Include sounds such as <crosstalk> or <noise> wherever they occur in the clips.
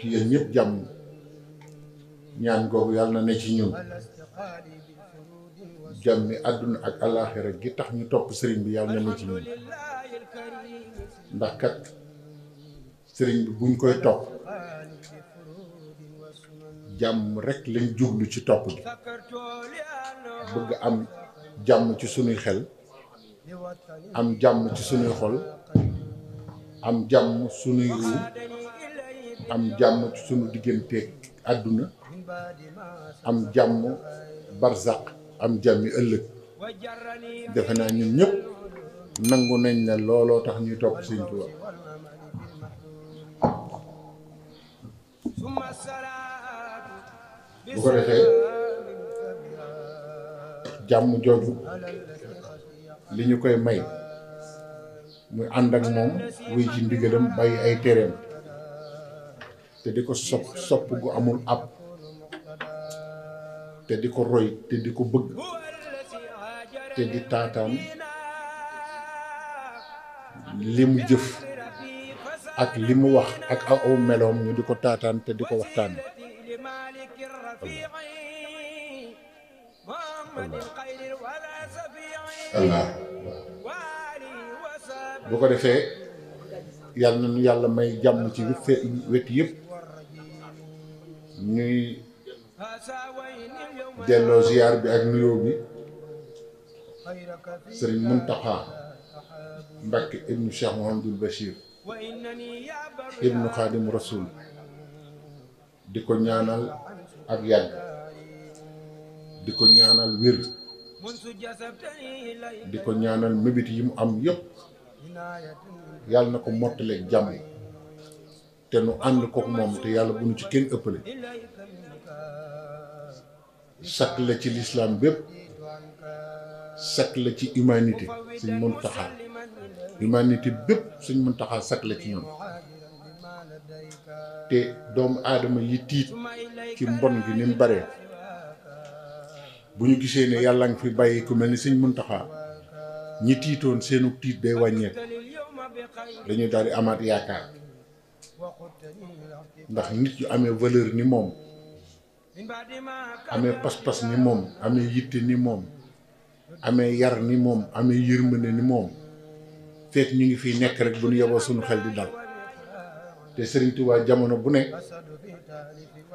ci yéen ñëpp jàmm ñaan googu yàlla na ne ci ñun jàmmi àdduna ak alaaxira gi tax ñu topp sëriñ bi yàlla na ne ci ñun ndax kat sëriñ bi buñ koy topp jàmm rek lañ jublu ci topp gi bëgg am jàmm ci sunuy xel am jàmm ci sunuy xol am jàmm sunuy ruu am jàmm ci sunu digganteeg àdduna am jàmm barzaq am jàmmi ëllëg defe naa ñun ñëpp nangu nañ ne looloo tax ñuy topp Sëñ Tuubaa ko defee jàmm jooju li ñu koy may muy ànd ak moom wuy ci ndigalam bàyyi ay tereem te di ko sopp sopp gu amul ab te di ko roy te di ko bëgg te di taataan li mu jëf ak li mu wax ak aw meloom ñu di ko taataan te di ko waxtaan allah bu ko defee yàlla na nu yàlla may jàmm ci wet yëpp ñuy delloo ziar bi ak nuyoo bi sëriñ Muntaxa Mbàkke ibnu Cheikh Mouhamadul Bachir ibnu Xaadim Rasul di ko ñaanal ak yàgg di ko ñaanal wér di ko ñaanal mébit yi mu am yëpp yàlla na ko mottaleeg jàmm te nu ko ko mom te yalla buñu nu ci kenn ëppale sak la ci l'islam bëpp sak la ci humanité suñ mën humanité bëpp suñ mën taxaa la ci ñoom te doom adama yi tiit ci mbon gi ni bare bu ñu gisee ne yàlla nga fi bàyyi ku mel ni suñ mën ñi tiitoon seenu tiit day wàññeeku dañu daal di amaat ndax nit yu amee valeur ni moom amee pas-pas ni moom amee yitte ni moom amee yar ni moom amee yërmande ni moom fekk ñu ngi fiy nekk rek bu ñu yeboo suñu xel di dal te Serigne Touba jamono bu ne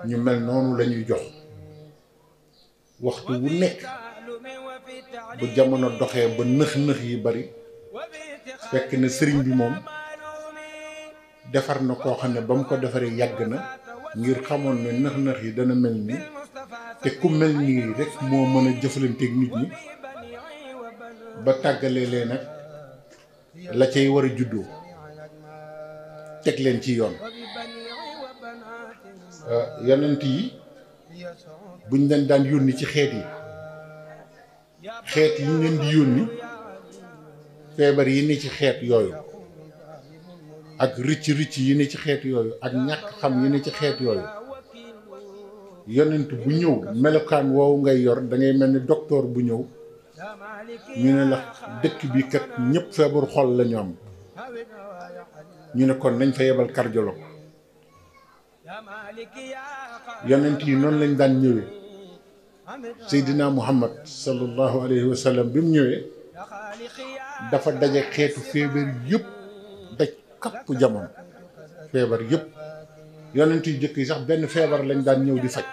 ñu mel noonu la ñuy jox waxtu wu nekk bu jamono doxee ba nëx-nëx yi bari fekk na Serigne bi moom. defar na koo xam ne ba mu ko defaree yàgg na ngir xamoon ne nax-nax yi dana mel nii te ku mel nii rek moo mën a jëfalanteeg nit ñi ba tàggalee leen nag la cay war a juddoo teg leen ci yoon euh, yonent yi buñ leen daan yónni ci xeet yi xeet yi ñu di yónni feebar yi ni ci xeet yooyu ak ricc rëcc yi ne ci xeet yooyu ak ñàkk xam yi ne ci xeet yooyu yonent bu ñëw melokaan woowu ngay yor dangay mel ni doktoor bu ñëw ñu ne la dëkk bi kat ñëpp feebar xol la ñu am ñu ne kon nañ fa yebal cardiologue yonent yi noonu lañ daan ñëwee Seydina Muhammad sallallahu alayhi wa sallam bi mu ñëwee dafa daje xeetu feebar yépp kapp jamono feebar yëpp yonent yu jëkk yi sax benn feebar lañ daan ñëw di faj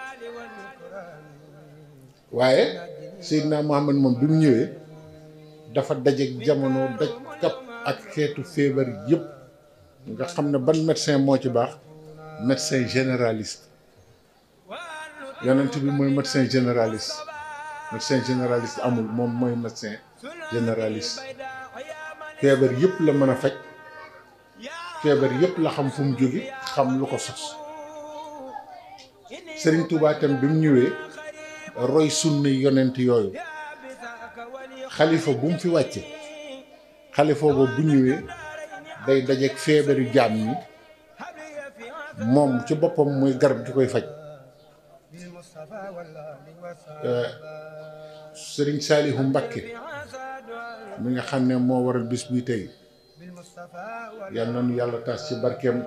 waaye Seydina Muhammad moom bi mu ñëwee dafa dajeek jamono daj kapp ak xeetu feebar yëpp nga xam ne ban médecin moo ci baax médecin généraliste yonent bi mooy médecin généraliste médecin généraliste amul moom mooy médecin généraliste feebar yëpp la mën a faj feebar yëpp la xam fu mu jóge xam lu ko sos Sëriñ Tuubaa bi mu ñëwee roy sunna yonent yooyu xalifa bu mu fi wàcce xalifa ba bu ñëwee day dajeek feebaru jaam yi moom ci boppam mooy garab di koy faj euh, Sëriñ Saalihu Mbakke mu nga xam ne moo waral bis bi tey yal na nu yàlla tas ci barkeem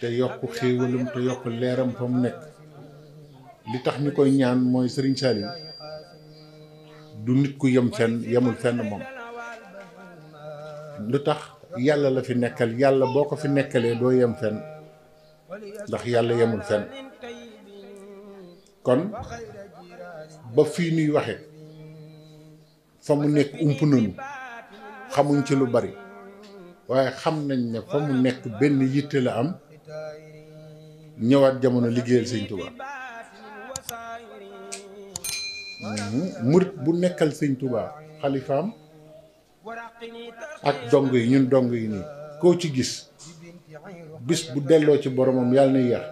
te yokk xéewalam te yokk leeram fa mu nekk li tax ñu koy ñaan mooy Serigne du nit ku yem fenn yemul fenn moom lu tax yàlla la fi nekkal yàlla boo ko fi nekkalee doo yem fenn ndax yàlla yemul fenn kon ba fi nuy waxe fa mu nekk ump nañu xamuñ ci lu bari waaye xam nañ ne fa mu nekk benn yitte la am ñëwaat jamono liggéeyal sëñ Touba murit bu nekkal sëñ Touba xalifaam ak dong yi ñun dong yi nii koo ci gis bis bu delloo ci boromam yàlla na yar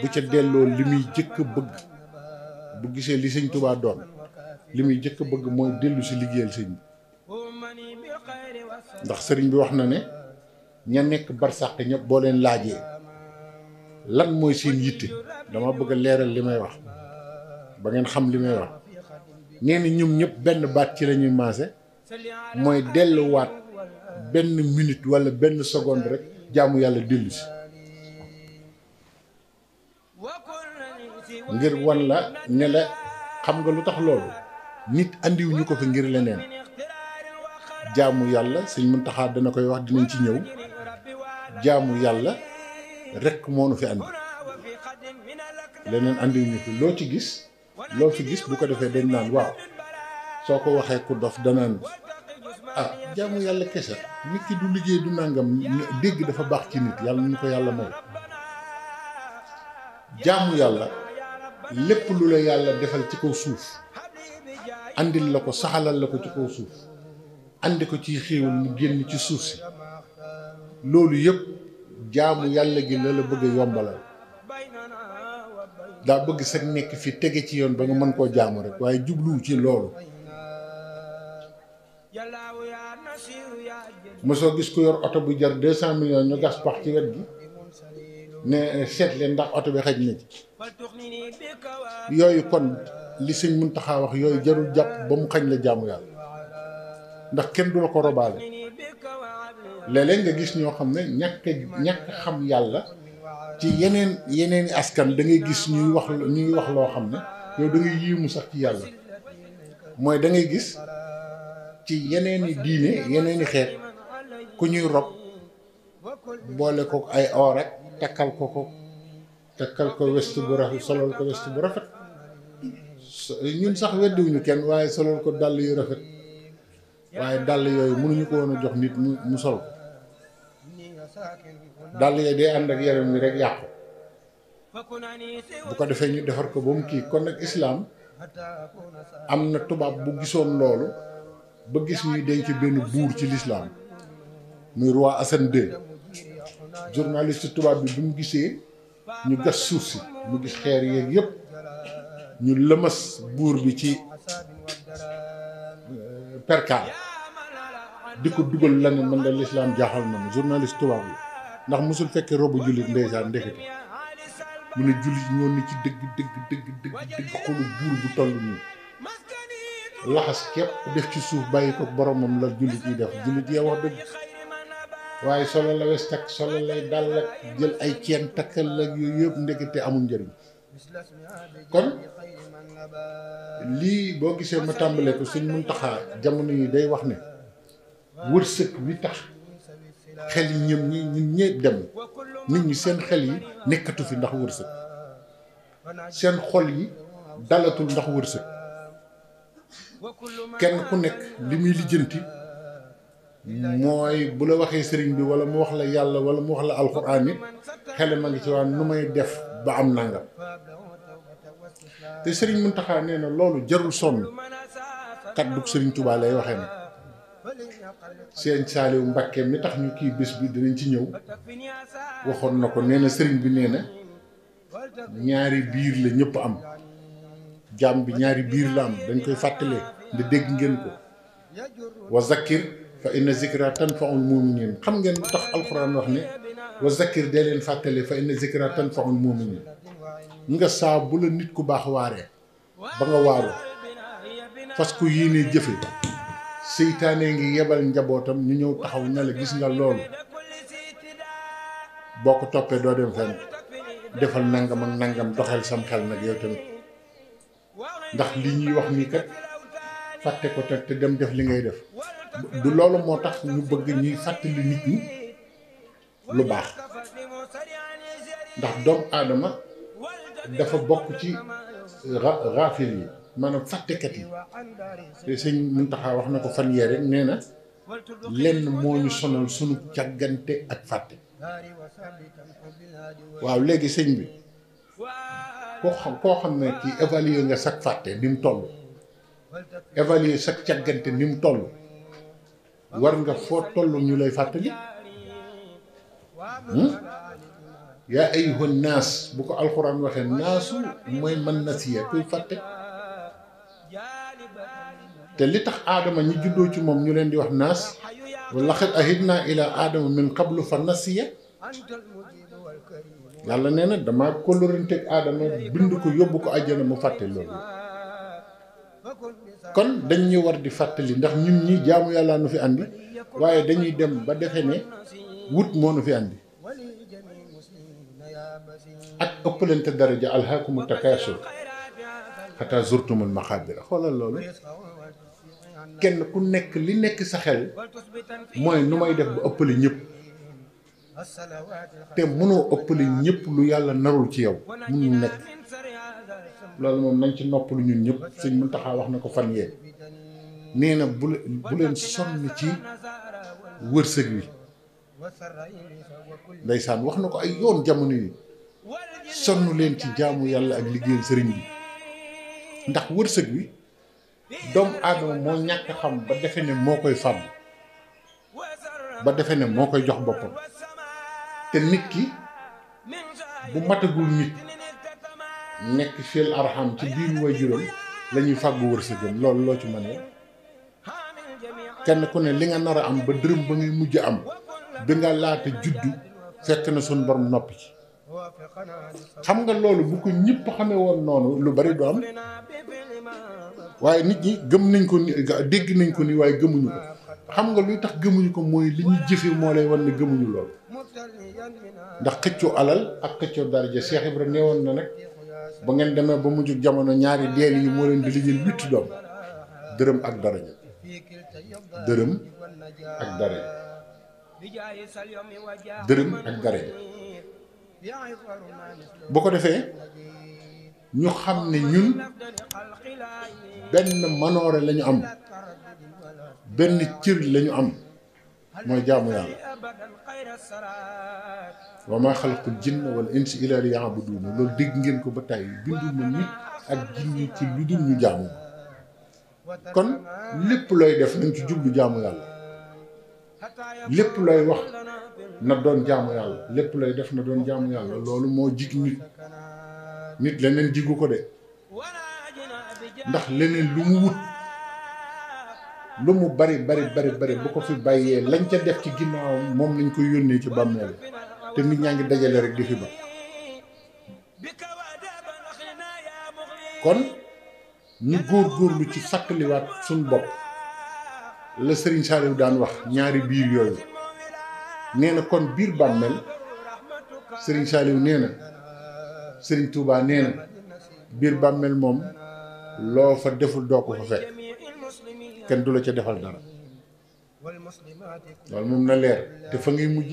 bu ca delloo li muy jëkk bëgg bu gisee li sëñ Touba doon li muy jëkk bëgg mooy dellu si liggéeyal sëñ bi ndax sëriñ bi wax na ne ña nekk barsàq ñëpp boo leen laajee lan mooy seen yitte dama bëgg leeral li may wax ba ngeen xam li may wax nee na ñoom ñëpp benn baat ci la ñuy maase mooy delluwaat benn minute walla benn seconde rek jaamu yàlla dellu si ngir xam nga lu tax loolu nit andiwu ñu ko ngir leneen jaamu yàlla sëñ Muntaxa dana koy wax dinañ ci ñëw jaamu yàlla rekk moo fi andi leneen andi ñu fi loo ci gis loo fi gis bu ko defee dañ naan waaw soo ko waxee ku dof danaan ah jaamu yàlla kese nit ki du liggéey du nangam dégg dafa baax ci nit yàlla nu ko yàlla mooy jaamu yàlla lépp lu la yàlla defal ci kaw suuf andil la ko saxalal la ko ci kaw suuf andi ko ci xéewal mu génn ci suuf si loolu yëpp jaamu yàlla gi la la bëgg a yombalal daa bëgg sax nekk fi tege ci yoon ba nga mën koo jaamu rek waaye jubluw ci loolu mosoo gis ku yor oto bu jar deux cent million ñu gas pax ci wet gi ne seet leen ndax oto bi xaj na ci yooyu kon li sëñ Muntaxa wax yooyu jarul jàpp ba mu xañ la jaamu yàlla ndax kenn du la ko robaale léeg nga gis ñoo xam ne ñàkk ñàkk xam yàlla ci yeneen yeneeni askan da ngay gis ñuy wax ñuy wax loo xam ne yow da ngay sax ci yàlla mooy dangay gis ci yeneeni diine yeneeni xeet ku ñuy rob boole ko ay or rek takkal ko ko takkal ko west bu rafet solol ko west bu rafet ñun sax weddiwuñu kenn waaye solol ko dàll yu rafet waaye dàll yooyu mënuñu ko woon jox nit mu mu sol dàll yee day ànd ak yaram wi rek yàqu bu ko defee ñu defar ko ba mu kii kon nag islaam am na tubaab bu gisoon loolu ba gis ñuy denc benn buur ci lislaam muy roi Hassan II journaliste tubaab bi bu mu gisee ñu gas suuf si mu gis xeer yeeg yépp ñu lëmas buur bi ci euh, perkaal di ko dugal lan mën la lislaam jaaxal na ma journaliste tubaab la ndax mosul fekkee robu jullit ndeysaan ndekete mu ne jullit ñoo ni ci dëgg dëgg dëgg dëgg dëgg xolu buur bu toll nii laxas képp def ci suuf bàyyi ko boromam la jullit yi def jullit yee wax dëgg waaye solo la wes takk solo lay dal ak jël ay ceen takkal ak yooyu yëpp ndekete amul njëriñ kon lii boo gisee ma tàmbalee ko suñ mun taxaa jamono yi day wax ne wërsëg wi tax xel yi ñoom ñi ñun ñëpp dem nit ñi seen xel yi nekkatu fi ndax wërsëg seen xol yi dalatul ndax wërsëg kenn ku nekk li muy lijjanti mooy bu la waxee sëriñ bi wala mu wax la yàlla wala mu wax la alxuraan it xelam a ngi ci waan nu may def ba am nangam te sëriñ Muntaxa nee na loolu jarul sonn kàddu sëriñ Tuubaa lay waxee na seen Saaliw Mbàkke mi tax ñu kii bés bi dinañ ci ñëw waxoon na ko nee na sëriñ bi nee na ñaari biir la ñëpp am jaam bi ñaari biir la am dañ koy fàttalee nda dégg ngeen ko wa zakkir fa inna zikra tanfaul muminin xam ngeen tax alxuraan wax ne wa zakkir dee leen fàttale fa inna zikra tanfaul muminin nga saa bu la nit ku baax waaree ba nga waaru fas ku yéenee jëfe seytaane ngi yebal njabootam ñu ñëw taxaw ña la gis nga loolu boo ko toppee doo dem fenn defal nangam ak nangam doxal sam xel nag yow tamit ndax li ñuy wax nii kat fàtte ko te te dem def li ngay def du loolu moo tax ñu bëgg ñuy fàttali nit ñi lu baax ndax doomu aadama dafa bokk ci ra yi. maanaam fàttekat yi te sëñ taxa wax na ko fan yee rek nee na lenn moo ñu sonal sunu càggante ak fàtte waaw léegi sëñ bi koo xam koo xam ne kii évaluer nga sag fàtte ni mu toll évaluer sag càggante ni mu toll war nga foo toll ñu lay fàttali hmm? yaa ayyuhan naas bu ko alxuraan waxee naasu mooy man nasiya kuy fàtte te li tax aadama ñi juddoo ci moom ñu leen di wax naas wa laqad ahidnaa ilaa aadama min qablu fa nasiya yàlla nee na dama kóllëranteeg aadama bind ko yóbbu ko àjjana mu fàtte loolu kon dañ ñu war di fàttali ndax ñun ñi jaamu yàlla nu fi andi waaye dañuy dem ba defe ne wut moo nu fi andi ak ëppalante daraja alhaakumu takaasur xataa zurtumul maqaabira xoolal loolu kenn ku nekk li nekk sa xel mooy nu may def ba ëppale ñëpp te mënoo ëppale ñëpp lu yàlla narul ci yow mënul nekk loolu moom nañ ci noppalu ñun ñëpp sëñ Muntaxa wax na ko fan yee nee na bu bu leen sonn ci wërsëg wi ndeysaan wax na ko ay yoon jamono yi sonn leen ci jaamu yàlla ak liggéeyal sëriñ bi ndax wërsëg wi doomu aadama moo ñàkk xam ba defe ne moo koy fàmm ba defe ne moo koy jox boppam te nit ki bu matagul nit nekk fil arham ci biir waajuram la lañuy fàggu wërsëgam loolu loo ci mën kenn ku ne li nga nar a am ba dërëm ba ngay mujj am bi nga laata juddu fekk na suñ borom noppi ci xam nga loolu bu ko ñëpp xamee woon noonu lu bari du am waaye nit ñi gëm nañ ko ni dégg nañ ko nii waaye gëmuñu ko xam nga luy tax gëmuñu ko mooy li ñuy jëfe moo lay wan ne gëmuñu lool ndax xëccoo alal ak xëccoo daraja Cheikh Ibra neewoon na nag ba ngeen demee ba mujj jamono ñaari deel yi moo leen di lijjal huit doom ak daraja dërëm ak daraja dërëm ak daraja boo ko defee ñu xam ne ñun benn manoore lañu am benn cir lañu am mooy jaamu yàlla wa maa xalaqul jinna wal insa illa liya'buduun loolu dégg ngeen ko ba tey bindu ma nit ak jinni ci lu kon lépp looy def nañ ci jublu jaamu yàlla lépp looy wax na doon jaamu yàlla lépp looy def na doon jaamu yàlla loolu moo jig nit nit leneen jigu ko de ndax leneen lu mu wut lu mu bari bari bari bari bu ko fi bàyyee lañ ca def ci ginnaawam moom lañ koy yónnee ci bàmmeel te nit ñaa ngi dajale rek di fi ba kon ñu góor góorlu ci fàttaliwaat suñ bopp la sëriñ Saliou daan wax ñaari biir yooyu nee na kon biir bàmmeel sëriñ Saliou nee na Serigne Touba nee na biir bàmmeel moom loo fa deful doo ko fa fekk kenn du la ca defal dara loolu moom na leer te fa ngay mujj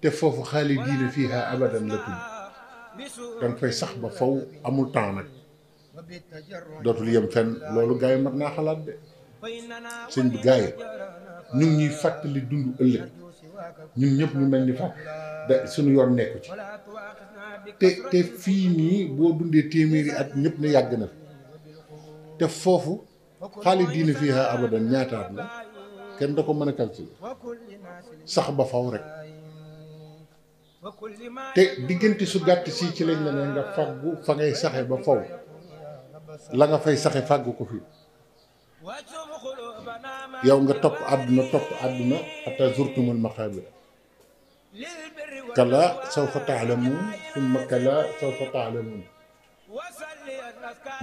te foofu xaalidiina fiiha abadan la tudd danga fay sax ba faw amul temps nag dootul yem fenn loolu gars yi mat naa xalaat de sëñ bi gars yi ñu ngi ñuy fàttali dund ëllëg. ñun ñëpp ñu mel ni fa suñu yoon nekku ci te te fii nii boo dundee téeméeri at ñëpp ne yàgg na te foofu xaalis diina fii abadan ñaataat la kenn da ko mën a calculer sax ba faw rek te diggante su gàtt si ci lañ la ne nga faggu fa ngay saxe ba faw la nga fay saxe fàggu ko fii yow nga topp àdduna topp àdduna hatta zurtumul maqaabir kala sawfa taalamuun summa kala sawfa taalamuun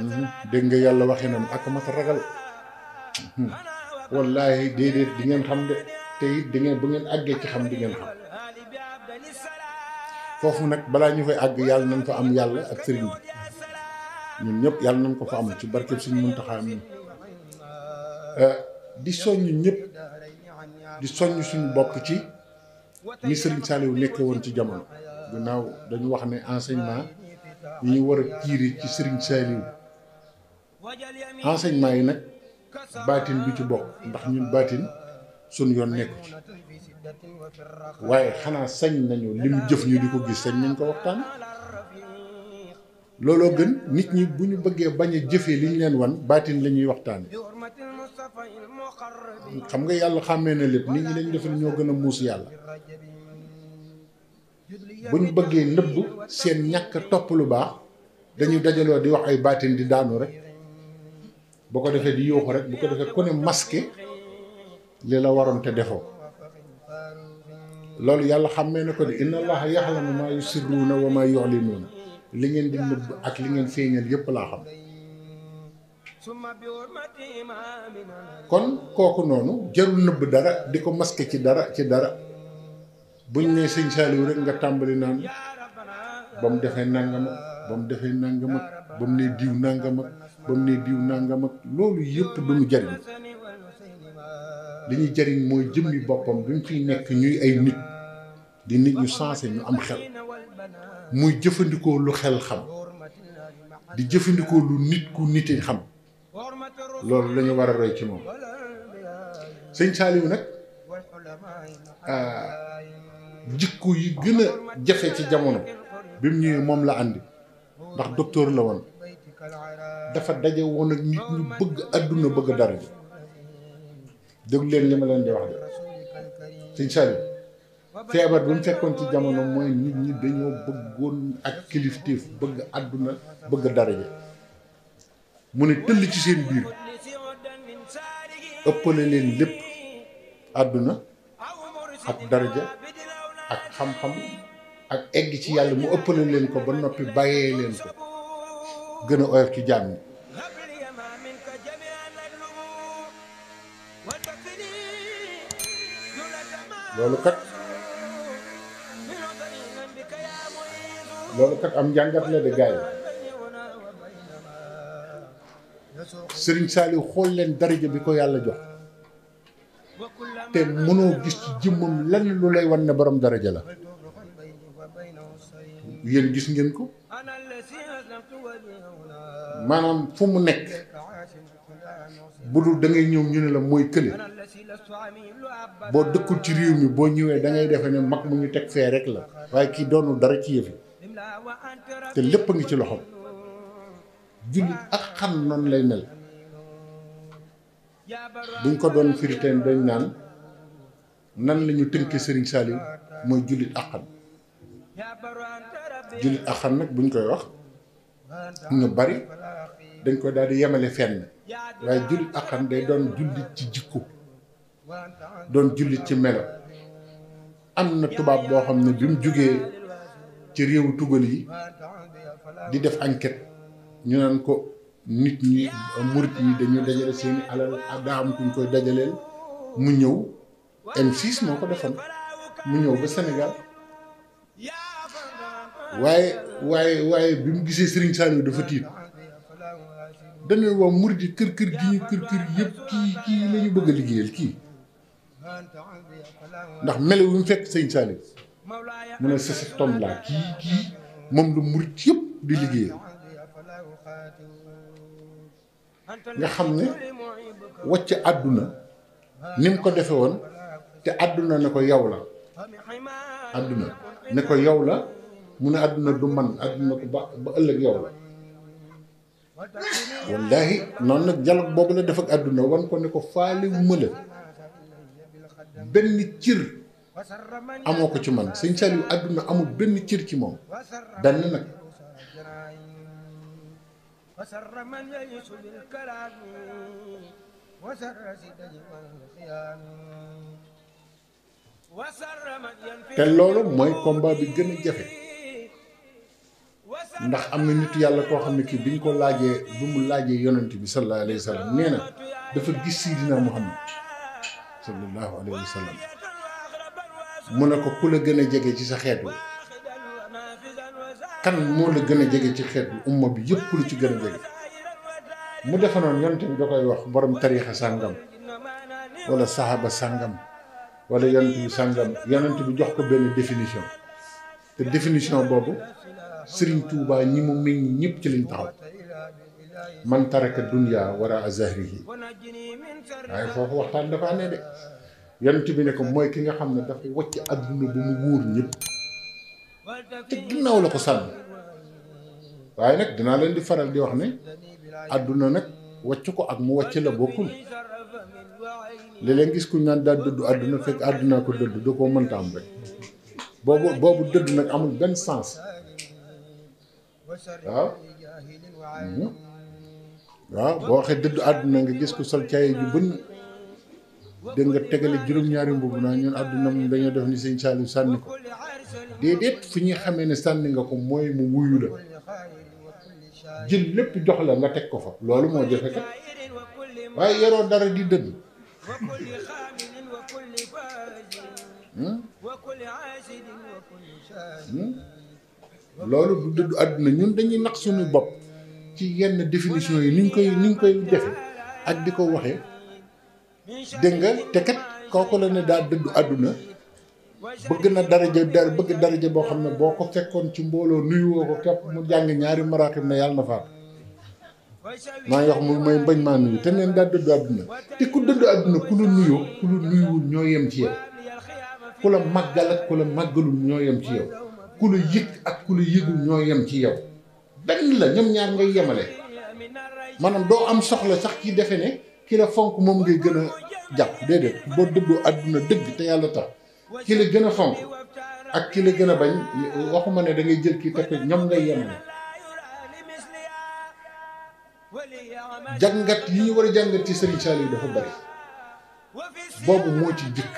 mhm. dégg nga yàlla waxinam ak ma sa ragal mhm. wallaahi déedéet di ngeen xam de te it di ngeen bu ngeen àggee ci xam di ngeen xam foofu nag balaa ñu fa àgg yàlla nañ fa am yàlla ak sëriñ bi ñun ñëpp yàlla nañ ko fa am ci barkeb suñu Muntaxa di soññ ñëpp di soññ suñu bopp ci ni Serigne Saliou nekke woon ci jamono ginnaaw dañu wax ne enseignement ñu war a tiiri ci Serigne Saliou enseignement yi nag baatin bi ci bokk ndax ñun baatin suñu yoon nekku ci waaye xanaa sañ nañu lim jëf ñu di ko gis sañ nañ ko waxtaan looloo gën nit ñi bu ñu bëggee bañ a jëfee li leen wan baatin la ñuy waxtaane xam nga yàlla xàmmee na lépp ni ñi dañu defe ñoo gën a muus yàlla bu ñu bëggee nëbb seen ñàkk topp lu baax dañu dajaloo di wax ay baatin di daanu rek boo ko defee di yuuxu rek bu ko defee ku ne masqué li la waroon te defoo loolu yàlla xàmmee na ko de inna allaha yaxlamu maa yusirruuna wa maa yuxlinuuna li ngeen di nëbb ak li ngeen feeñal yépp laa xam kon kooku noonu jarul nëbb dara di ko maske ci dara ci dara buñ ne sëñ Saliou rek nga tàmbali naan ba mu defee nangam ba mu defee nangam ak ba mu ne diw nangam ak ba mu ne diw nangam loolu yëpp du mu jariñ li ñu jariñ mooy jëmmi boppam bi mu fiy nekk ñuy ay nit di nit ñu sensé ñu am xel muy jëfandikoo lu xel xam di jëfandikoo lu nit ku niti xam loolu la ñu war a roy ci moom sëñ Saaliw nag ah, jikku yi gën a jafe ci jamono bi mu ñëwee moom la àndi ndax docteur la woon dafa daje woon ak ñu bëgg àdduna bëgg dara bi leen li ma leen di wax de sëñ Saaliw feebar bi mu fekkoon ci jamono mooy nit ñi dañoo bëggoon ak kilifteef bëgg àdduna bëgg dara mu ne tëll ci seen biir ëppale leen lépp àdduna ak daraja ak xam-xam ak egg ci yàlla mu ëppale leen ko ba noppi bàyyee leen ko gën a oyof ci jaam ñi loolu kat loolu kat am njàngat la de gaay sëriñ Saliou xool leen daraja bi ko yàlla jox te mënoo gis ci jëmmam lenn lu lay wan ne borom daraja la yéen gis ngeen ko maanaam fu mu nekk bu dul da ngay ñëw ñu ne la mooy kële boo dëkkul ci réew mi boo ñëwee da ngay defee ne mag mu ñu teg fee rek la waaye kii doonu dara ci yëf yi te lépp a ngi ci loxo jullit ak xam noonu lay mel buñ ko doon firiteen dañ naan nan lañu ñu tënkee Serigne Saliou mooy jullit ak xam jullit ak xam nag buñ koy wax ñu bari dañ ko daal di yemale fenn waaye jullit ak xam day doon jullit ci jikko doon jullit ci melo am na tubaab boo xam ne bi mu jógee ci réewu tugal yi di def enquête. ñu naan ko nit ñi murit yi dañuy dajale seeni alal daa am kuñ koy dajaleel mu ñëw M6 moo ko defoon mu ñëw ba senegal waaye waaye waaye bi mu gisee Serigne Saliou dafa tiit dañuy wax murit yi kër kër gi ñu kër kër yëpp kii kii la bëgg a liggéeyal kii ndax melow wu mu fekk Serigne Saliou mu ne sa sa laa kii kii moom la murit yëpp di liggéeyal nga xam ne wàcc àdduna ni mu ko defe woon te àdduna ne ko yow la àdduna ne ko yow la mu ne àdduna du man àdduna ko ba ba ëllëg yow la wallaahi noonu nag dialogue boobu la def ak àdduna wan ko ne ko faale mëla benn cir amoo ko ci man sëñ Saliou àdduna amul benn cir ci moom dann nag وسر من يعيش te loolu mooy combat bi gën a jafe ndax am na nit yàlla koo xam ne kii bi ñu ko laajee bi mu laajee yonent bi sallallahu alayhi wa sallam nee na dafa gis Sidina Muhammad sallallahu alayhi wa sallam mu ne ko ku la gën a jege ci sa xeet wi kan moo la gën a jege ci xeet bi umma bi yëpp lu ci gën a jege mu defe noonu yonte bi da koy wax borom tariixa sàngam wala saxaaba sàngam wala yonent bi sàngam yonent bi jox ko benn définition te définition boobu Serigne Touba ñi mu meññ ñëpp ci liñ taxaw man taraka dunya wara a zahrihi waaye foofu waxtaan dafa ne de yonent bi ne ko mooy ki nga xam ne dafay wàcc adduna bu mu wóor ñëpp te ginnaaw la ko sànni waaye nag dinaa leen di faral di wax ne àdduna nag wacc ko ak mu wàcc la bokkul li léeg gis ku naan daal dëdd àdduna fekk àdduna ko dëdd du ko mënta am rek boobu boobu dëdd nag amul benn sens waaw mhm. waaw boo waxee dëdd àdduna nga gis ku sol caay ju bënn dégg nga tegale juróom-ñaari mbubb naa ñun àdduna moom dañoo def ni sëñ Saliou sànni ko déedéet fu ñuy xamee ne sànni nga ko mooy mu wuyu la jël lépp jox la nga teg ko fa loolu moo jafe kat waaye yoroo dara di dëgg hmm? hmm? loolu du dëddu àdduna ñun dañuy nax suñu bopp ci yenn définition yi ni ñu koy ni ñu koy defe ak di ko waxee dégg nga te kat kooku la ne daa dëddu àdduna bëgg na daraja dara boo xam ne boo ko fekkoon ci mbooloo nuyu woo ko képp mu jàng ñaari maraatim ma yàlla na faatu maa ngi wax mu may mbañ maa nuyu te neen daa dëddu àdduna te ku dëddu àdduna ku la nuyoo ku la nuyuwul ñoo yem ci yow ku la màggal ak ku la màggalul ñoo yem ci yow ku la yëg ak ku la yëgul ñoo yem ci yow benn la ñoom ñaar ngay yemale maanaam doo am soxla sax kii defe ne kilo fonk moom ngay gën a jàpp déedéet boo dëddoo àdduna dëgg te yàlla tax ki la gën a fonk ak ki la gën a bañ waxuma ne dangay jël kii teg ko ñoom ngay yem na jàngat yi ñu war a jàngat ci Serigne Saliou dafa bari boobu moo ci jëkk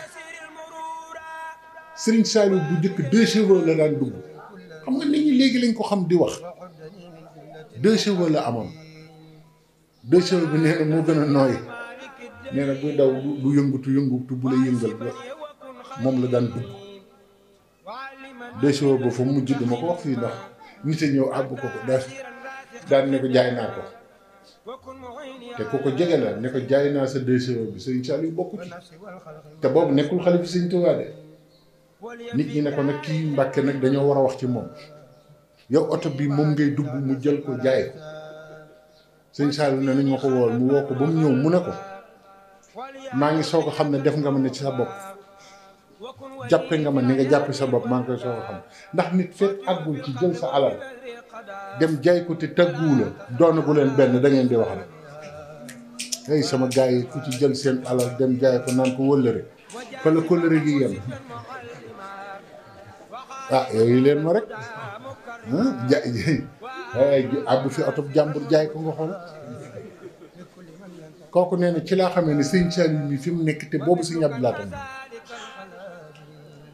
Serigne Saliou bu jëkk deux la daan dugg xam nga nit ñi léegi lañ ko xam di wax deux la amoon. dëcër bi nee na moo gën a nooy nee na buy daw du yëngutu yëngutu bu la yëngal ba moom la daan dugg dëcër ba fa mujj dama ko wax fii ndax nit ñëw àbb ko ko daan daan jaay naa ko ko jege la ne ko jaay naa sa bi sëriñ Saliou bokk ci te boobu nekkul xalifa sëriñ Tuubaa de nit ñi ne ko nag kii Mbàkke nag dañoo war a wax ci moom yow oto bi moom ngay dugg mu jël ko jaay sëñ Saalum ne nañu ma ko wool mu woo ko ba mu ñëw mu ne ko maa ngi soog ko xam ne def nga ma ne ci sa bopp jàppe nga ma ni nga jàppe sa bopp maa ngi koy soog a xam ndax nit fekk àggul ci jël sa alal dem jaay ko te tagguwu doonagu leen benn da ngeen wax rek sama gars ku ci jël seen alal dem jaay ko naan ko wëllëre fa la gi yem ah yooyu leen ma rek ah, <laughs> àbb fi oto jàmbur jaay ko nga xool kooku nee na ci laa xamee ne sëñ Saliou mi fi mu nekk te boobu sëñ Abdou Lahad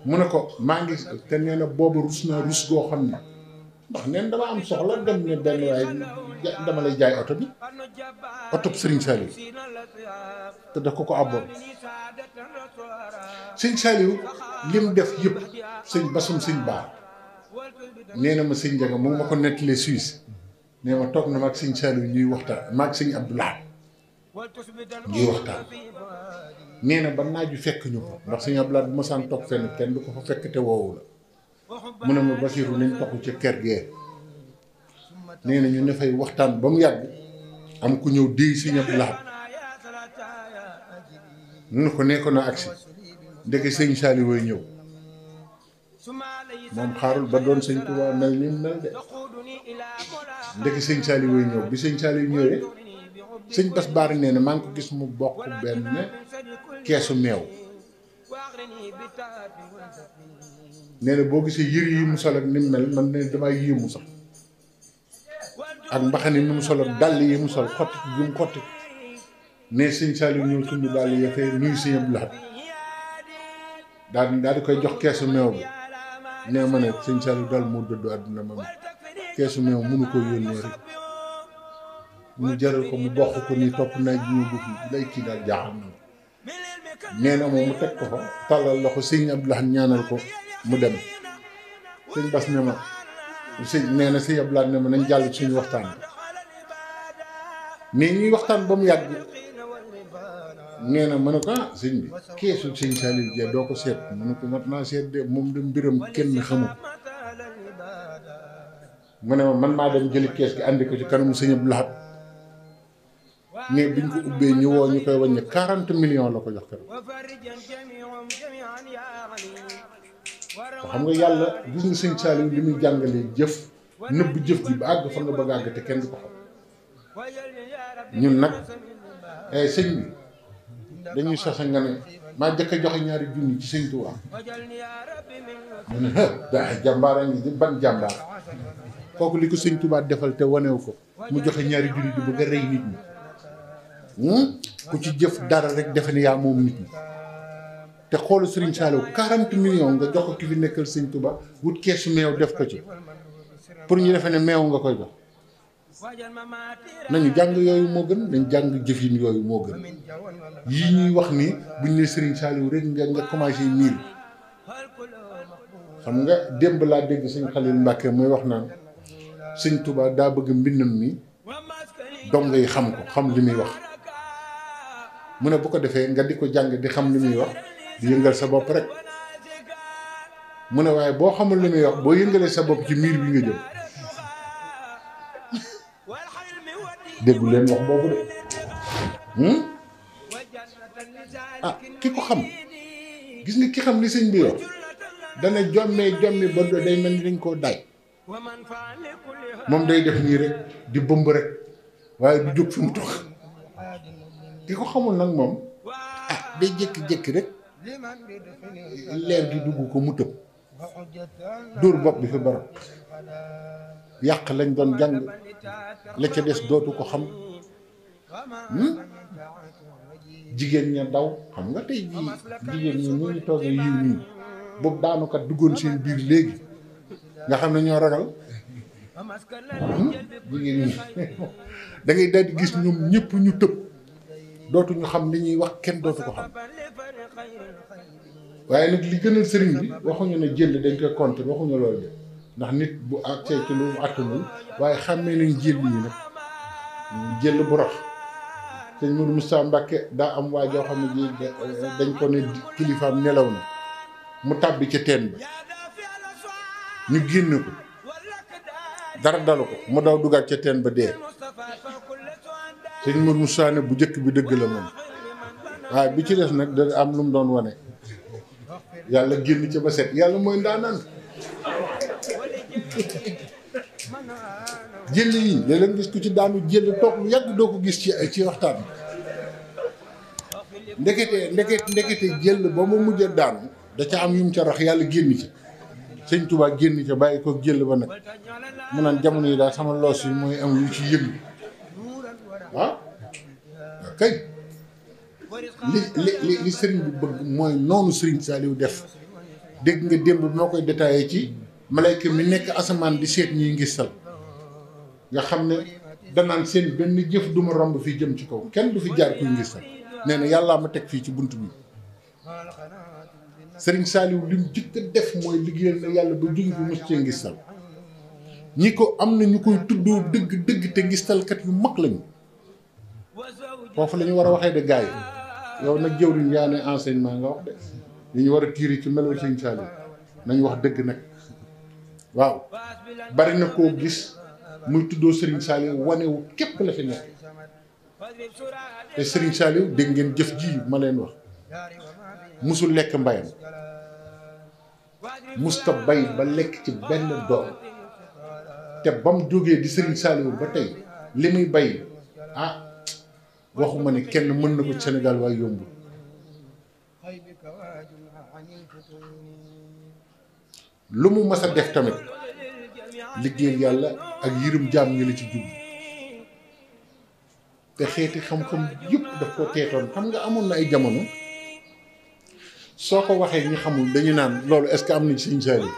mu ne ko maa ngi te nee boobu rus naa rus goo xam ne ndax neen dama am soxla dem ne benn waaye dama lay jaay oto bi oto bi sëriñ Saliou te da ko ko àbboon sëñ Saliou lim def yëpp sëñ basum sëñ baax nee na ma sëñ Ndiaga mu ngi ma ko nettalee Suisse nee ma toog na ma ak sëñ Saliou ñuy waxtaan ma ak sëñ Abdoulaye ñuy waxtaan. nee na ba fekk ñu ko ndax sëñ Abdoulaye bu ma saan toog fenn kenn du ko fa fekk te woowu la mu na ma Basiru nañ toxu ca kër gee nee na ñu ne fay waxtaan ba mu yàgg am ku ñëw déy sëñ Abdoulaye mu ne ko nekkoon na agsi ndeke sëñ Saliou way ñëw. moom xaarul ba doon sëñ Tuubaa mel ni mel de ndeki sëñ Saliou ñëw bi sëñ Saliou ñëwee sëñ Bass Baar nee na maa ngi ko gis mu bokk benn keesu meew nee na boo gisee yëre yi mu sol ak ni mu mel man ne damaa yéemu sax ak mbaxane ni mu sol ak dàll yi mu sol xotti gi mu xotti ne sëñ Saliou ñëw sumb dàll yi fee nuyu sëñ Abdou Lahad daal di di koy jox keesu meew bi. ne ma ne sëñ Saliou daal moo dëddu àdduna ma keesu meew munu ko yónnee rek mu jëral ko mu bokk ko nii topp naaj bi ñu dugg lay kii daal jaaxal na nee na moom mu teg ko fa tàllal loxo sëñ Abdoulaye ñaanal ko mu dem sëñ Bas ne ma sëñ nee na sëñ Abdoulaye ne ma nañ jàll suñu waxtaan mais ñuy waxtaan ba mu yàgg. nee na ma ne ko ah sëñ bi keesu sëñ Saliou Dia doo ko seet de moom de mbiram kenn xamul mu ne ma man maa dem jëli kees gi andi ko ci kanamu sëñ Abdou Lahad mais biñ ko ubbee ñu woo ñu koy wàññi quarante millions la ko jox keroog xam nga yàlla gis nga sëñ Saliou li muy jàngalee jëf nëbb jëf ji ba àgg fa nga bëgg àgg te kenn du ko xam ñun nag eh, sëñ bi. dañuy sasa nga ne maa jëkk joxe ñaari junni ci sëñ Tuubaa mu ne ban jàmbaar kooku li ko sëñ Tuubaa defal te wanewu ko mu joxe ñaari junni di bëgg a rey nit ñi hmm? ku ci jëf dara rek defe ne yaa moom nit ñi te xoolu Serigne Saliou 40 millions nga jox ko ki fi nekkal sëñ Tuubaa wut keesu meew def ko ci pour ñu defe ne meew nga koy jox nañu jàng yooyu moo gën nañ jàng jëfin yooyu moo gën yii ñuy wax ni buñ ne Serigne Saliou rek nga nga commencé miir xam nga démb laa dégg sëñ Khalil Mbacke muy wax naan sëñ Touba daa bëgg mbindam mi dong yi xam ko xam li muy wax mu ne bu ko defee nga di ko jàng di xam li muy wax di yëngal sa bopp rek mu ne waaye boo xamul li muy wax boo yëngalee sa bopp ci miir bi nga jëm. déggu leen wax boobu de hmm? ah ki ko xam gis nga ki xam li sëñ bi wax dana jommee jommi ba day mel ni dañ koo day moom day def nii rek di bëmb rek waaye du jóg fi mu ki ko xamul nag moom ah day jékki-jékki rek leer gi dugg ko mu tëb dóor bopp bi fi barab yàq lañ doon jàng la ca des dootu ko xam hmm? jigéen ña daw xam nga tey jii jigéen ñi ñu ngi yiw nii boobu daanukat duggoon seen biir léegi nga xam ne ñoo ragal hmm? jigéen ñi <laughs> da gis ñoom ñëpp ñu tëb dootuñu xam li ñuy wax kenn dootu ko xam waaye nag li gënal sëriñ bi waxuñu ne jënd dañ koy compter waxuñu loolu de ndax nit bu àttee ci lu mu waaye xàmmee nañ jël yi nag jël bu raf sëñ Modou Moustapha Mbacke daa am waa joo xam ne dañ ko ne kilifaam nelaw na mu tàbbi ca teen ba ñu génn ko dara dalu ko mu daw dugaat ca teen ba dee sëñ Modou Moustapha ne bu njëkk bi dëgg la moom waaye bi ci des nag da am lu mu doon wane yàlla génn ca ba set yàlla mooy ndaanaan jëll yi léeg gis ku ci daanu jëll toog lu yàgg doo ko gis ci ci waxtaan bi ndekete ndeket ndekete jëll ba mu mujj a daanu da ca am yum ca rax yàlla génn ci sëñ Tuubaa génn ca bàyyi ko jëll ba nag mu naan jamono yi daal sama loos yi mooy am yu ci yëngu ah, ah kay li li li li sëriñ bi bëgg mooy noonu sëriñ Saliou def dégg nga démb moo koy détaillé ci malayka mi nekk asamaan di seet ñuy sal nga xam ne danaan seen benn jëf duma romb fii jëm ci kaw kenn du fi jaar kuy ngistal nee na yàllaa ma teg fii ci bunt bi sëriñ Saaliw lim jëkk a def mooy liggéeyal na yàlla ba jóge fi mos cee ngistal ñi ko am na ñu koy tuddoo dëgg dëgg te ngistalkat yu mag lañu foofu la war a waxee de gars yow nag jëwriñ yaa ne enseignement nga wax de li ñu war a tiiri ci melo sëñ Saaliw nañ wax dëgg nag waaw bari na koo gis muy tuddoo Serigne Saliou wanewu képp la fi nekk te Serigne Saliou dégg ngeen jëf ji ma leen wax musul lekk mbayam musta bay ba lekk ci benn doom te bam jógee di Serigne Saliou ba tey li muy bay ah waxuma ne kenn mën na ko Sénégal waaye yombul lu mu mës a def tamit liggéeyal yàlla ak yërëm jaam ñi la ci jub te xeeti xam-xam yëpp daf ko teetoon xam nga amoon na ay jamono soo ko waxee ñu xamul dañu naan loolu est-ce que am nañ sëñ Saliou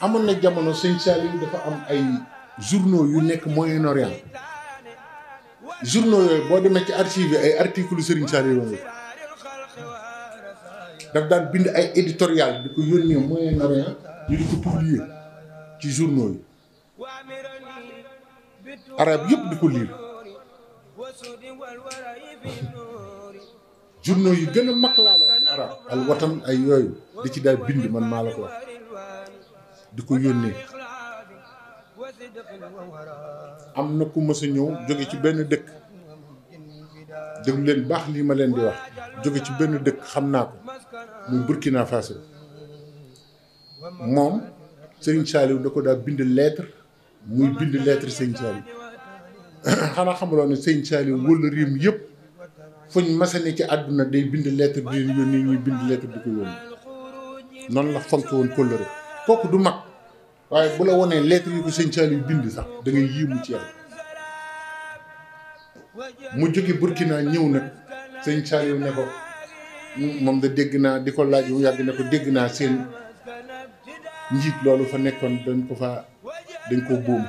amoon na jamono sëñ Saliou dafa am ay journaux yu nekk Moyen-Orient journaux yooyu boo demee ci archives yi ay articles Serigne Saliou la daf daan bind ay éditorial di ko yónnee Moyen-Orient ñu di ko publier ci journaux yi arab yëpp di ko lire journaux yi gën a mag laa la arab al ay yooyu di ci daal bind man maa la ko di ko yónnee am na ku mës a ñëw jóge ci benn dëkk déglu leen baax lii ma leen di wax jóge ci benn dëkk xam naa ko muy Burkina Faso moom Serigne Saliou da ko daa bind lettre muy bind lettre Serigne Saliou <coughs> xanaa xamuloo ne Serigne Saliou wëla réem yëpp fuñ masane ci àdduna day bind lettre di leen yónni ñuy bind lettre di ko yónni noonu la fonke woon kóllëre kooku du mag waaye bu la wonee lettre yi ko Serigne Saliou bind sax da ngay yéemu ci yàlla mu jóge naa ñëw nag sëñ Saliou ne ko moom da dégg naa di ko laaj yu yàgg ne ko dégg naa seen njiit loolu fa nekkoon dañ ko fa dañ ko buum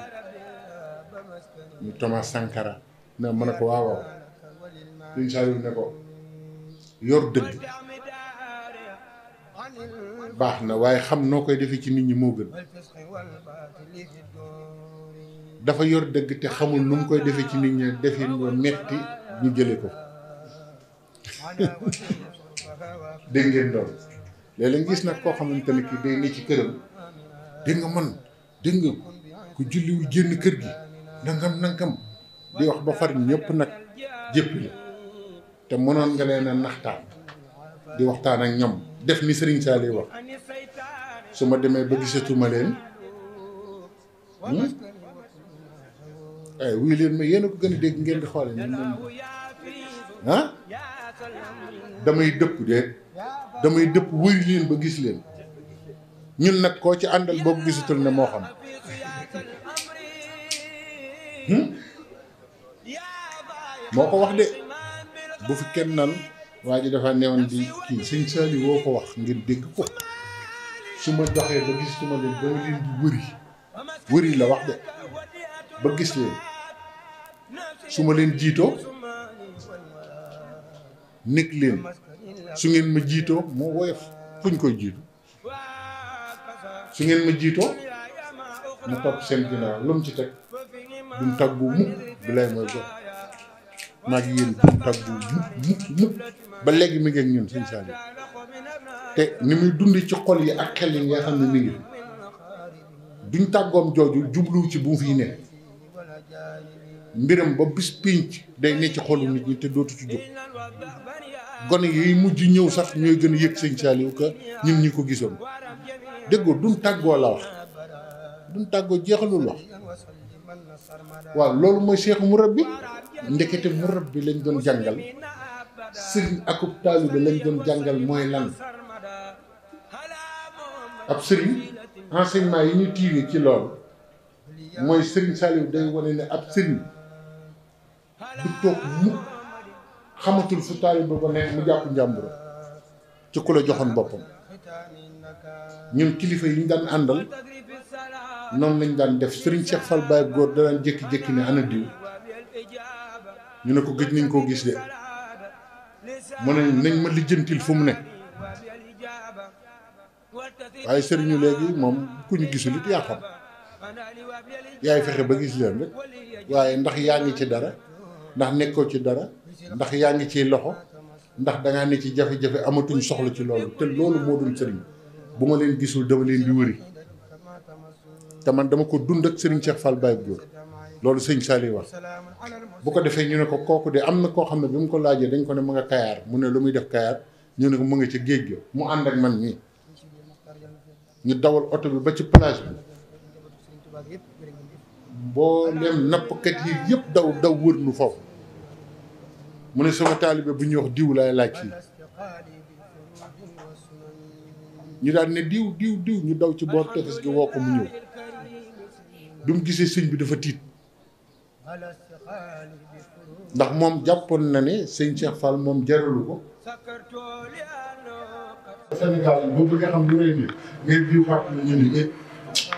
ñu Thomas Sankara na mën a ko waawaaw sëñ Saliou ne ko yor dëgg baax na waaye xam noo koy defee ci nit ñi moo gën dafa yor dëgg te xamul nu mu koy defee ci nit ñi defin ba metti ñu jële ko dégg ngeen doon léeg-léeg gis nag koo xamante ne ki day ne ci këram dégg nga man dégg nga ku julliwu génn kër gi nangam di wax ba far ñépp nag jéppi la te mënoon nga leen a naxtaan di waxtaan ak ñoom def ni Serigne Saliou wax su ma demee ba gisatuma leen. Hmm? waaye eh, wuy leen ma yéen a ko gën a dégg ngeen di xoole ni moom ah damay dëpp de damay dëpp wuy leen ba gis leen ñun nag koo ci àndal boo ko gisatul ne moo xam hmm? moo ko wax de bu fi kenn nan waa ji dafa newoon ci kii sëñ Saali woo ko wax ngir dégg ko su ma doxee ba gis su ma leen dama leen di wëri wëri la wax de ba gis leen su ma leen jiitoo nekk leen su ngeen ma jiitoo moo woyof kuñ koy jiitu su ngeen ma jiitoo ma topp seen ginnaaw lu mu ci teg du mu tàggu mukk mukk mukk ba léegi mi ngeen ak ñun sëñ te ni muy dund ci xol yi ak xel yi nga xam ne mi ngi duñ tàggoom jooju jubluwu ci bu mu fiy nekk mbiram ba bis pinc day ne ci xolu nit ñi te dootu ci jóg gone yi mujj ñëw sax ñooy gën a yëg sëñ Saliou ka ñun ñi ko gisoon déggoo duñ tàggoo la wax duñ tàggoo jeexalul wax waaw loolu mooy seexu murabbi ndekete murabbi lañ doon jàngal sëriñ akub taalibe lañ doon jàngal mooy lan ab sëriñ enseignement yi ñu tiiree ci loolu mooy sëriñ Saliou day wane ne ab sëriñ du toog mukk xamatul fu taalibe ba ne mu jàpp njàmbur ci ku la joxoon boppam ñun kilifa yi ñu daan àndal noonu lañ daan def Serigne Cheikh fal Baye góor da daan jékki-jékki ne ana diw ñu ne ko gëj nañ koo gis de mu ne nañ ma lijjantil fu mu ne waaye sëriñu léegi moom ku ñu gisul it yaa xam yaay fexe ba gis leen rek waaye ndax yaa ngi ci dara ndax nekkoo ci dara ndax yaa ngi ciy loxo ndax da ngaa ne ci jafe-jafe amatuñ soxla ci loolu te loolu moo doon sëriñ bu ma leen gisul dama leen di wëri te man dama ko dund ak sëriñ Cheikh Fall Baye Góor loolu sëñ Sali wax bu ko defee ñu ne ko kooku de am na koo xam ne bi mu ko laajee dañ ko ne mu nga kayaar mu ne lu muy def kayaar ñu ne ko mu nga ci géej gi mu ànd ak man mii ñu dawal oto bi ba ci plage bi. mboolem nappkat yi yépp daw daw wër nu foofu mu ne sama taalibe bu ñuy wax diw lay laaj fii ñu daal ne diw diw diw ñu daw ci boor tefes gi woo ko mu ñëw bi mu gisee sëñ bi dafa tiit ndax moom jàppoon na ne sëñ Cheikh Fall moom jaralu ko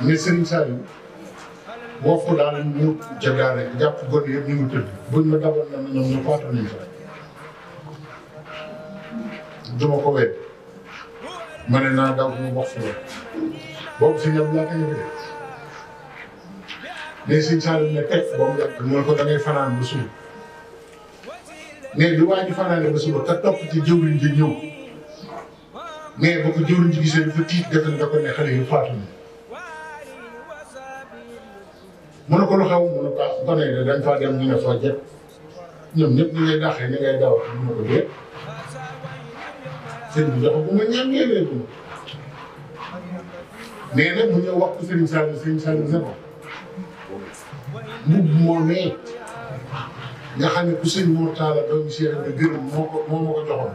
mais Serigne Saliou boo ko daal di ñu jëgaar rek jàpp gone yëpp ñu ngi tëdd buñ ma dabal na ñoom ñu faatu nañ fa duma ko wér ma ne naa daw mu bokk lool boobu si ñoom laata ñu dee mais Serigne Saliou ne teg ba mu yàgg mu ne ko da ngay fanaan ba suba mais du waa ji fanaane ba suba te topp ci jëwriñ ji ñëw mais ba ko jëwriñ ji gisee dafa tiit defe da ko ne xale yu faatu nañ mu ne ko lu xaw mu ah, dañ faa dem ñu ne foo jëpp ñoom ñëpp ñu ngay daxee ñu ngay daw mu ne ko déet sëñ bi dafa bu ma ñaan ngeen ko nee na mu ñëw wax ko Serigne Sall Serigne Sall ne ko ne ku sëñ Mor Talla doomu ma ko joxoon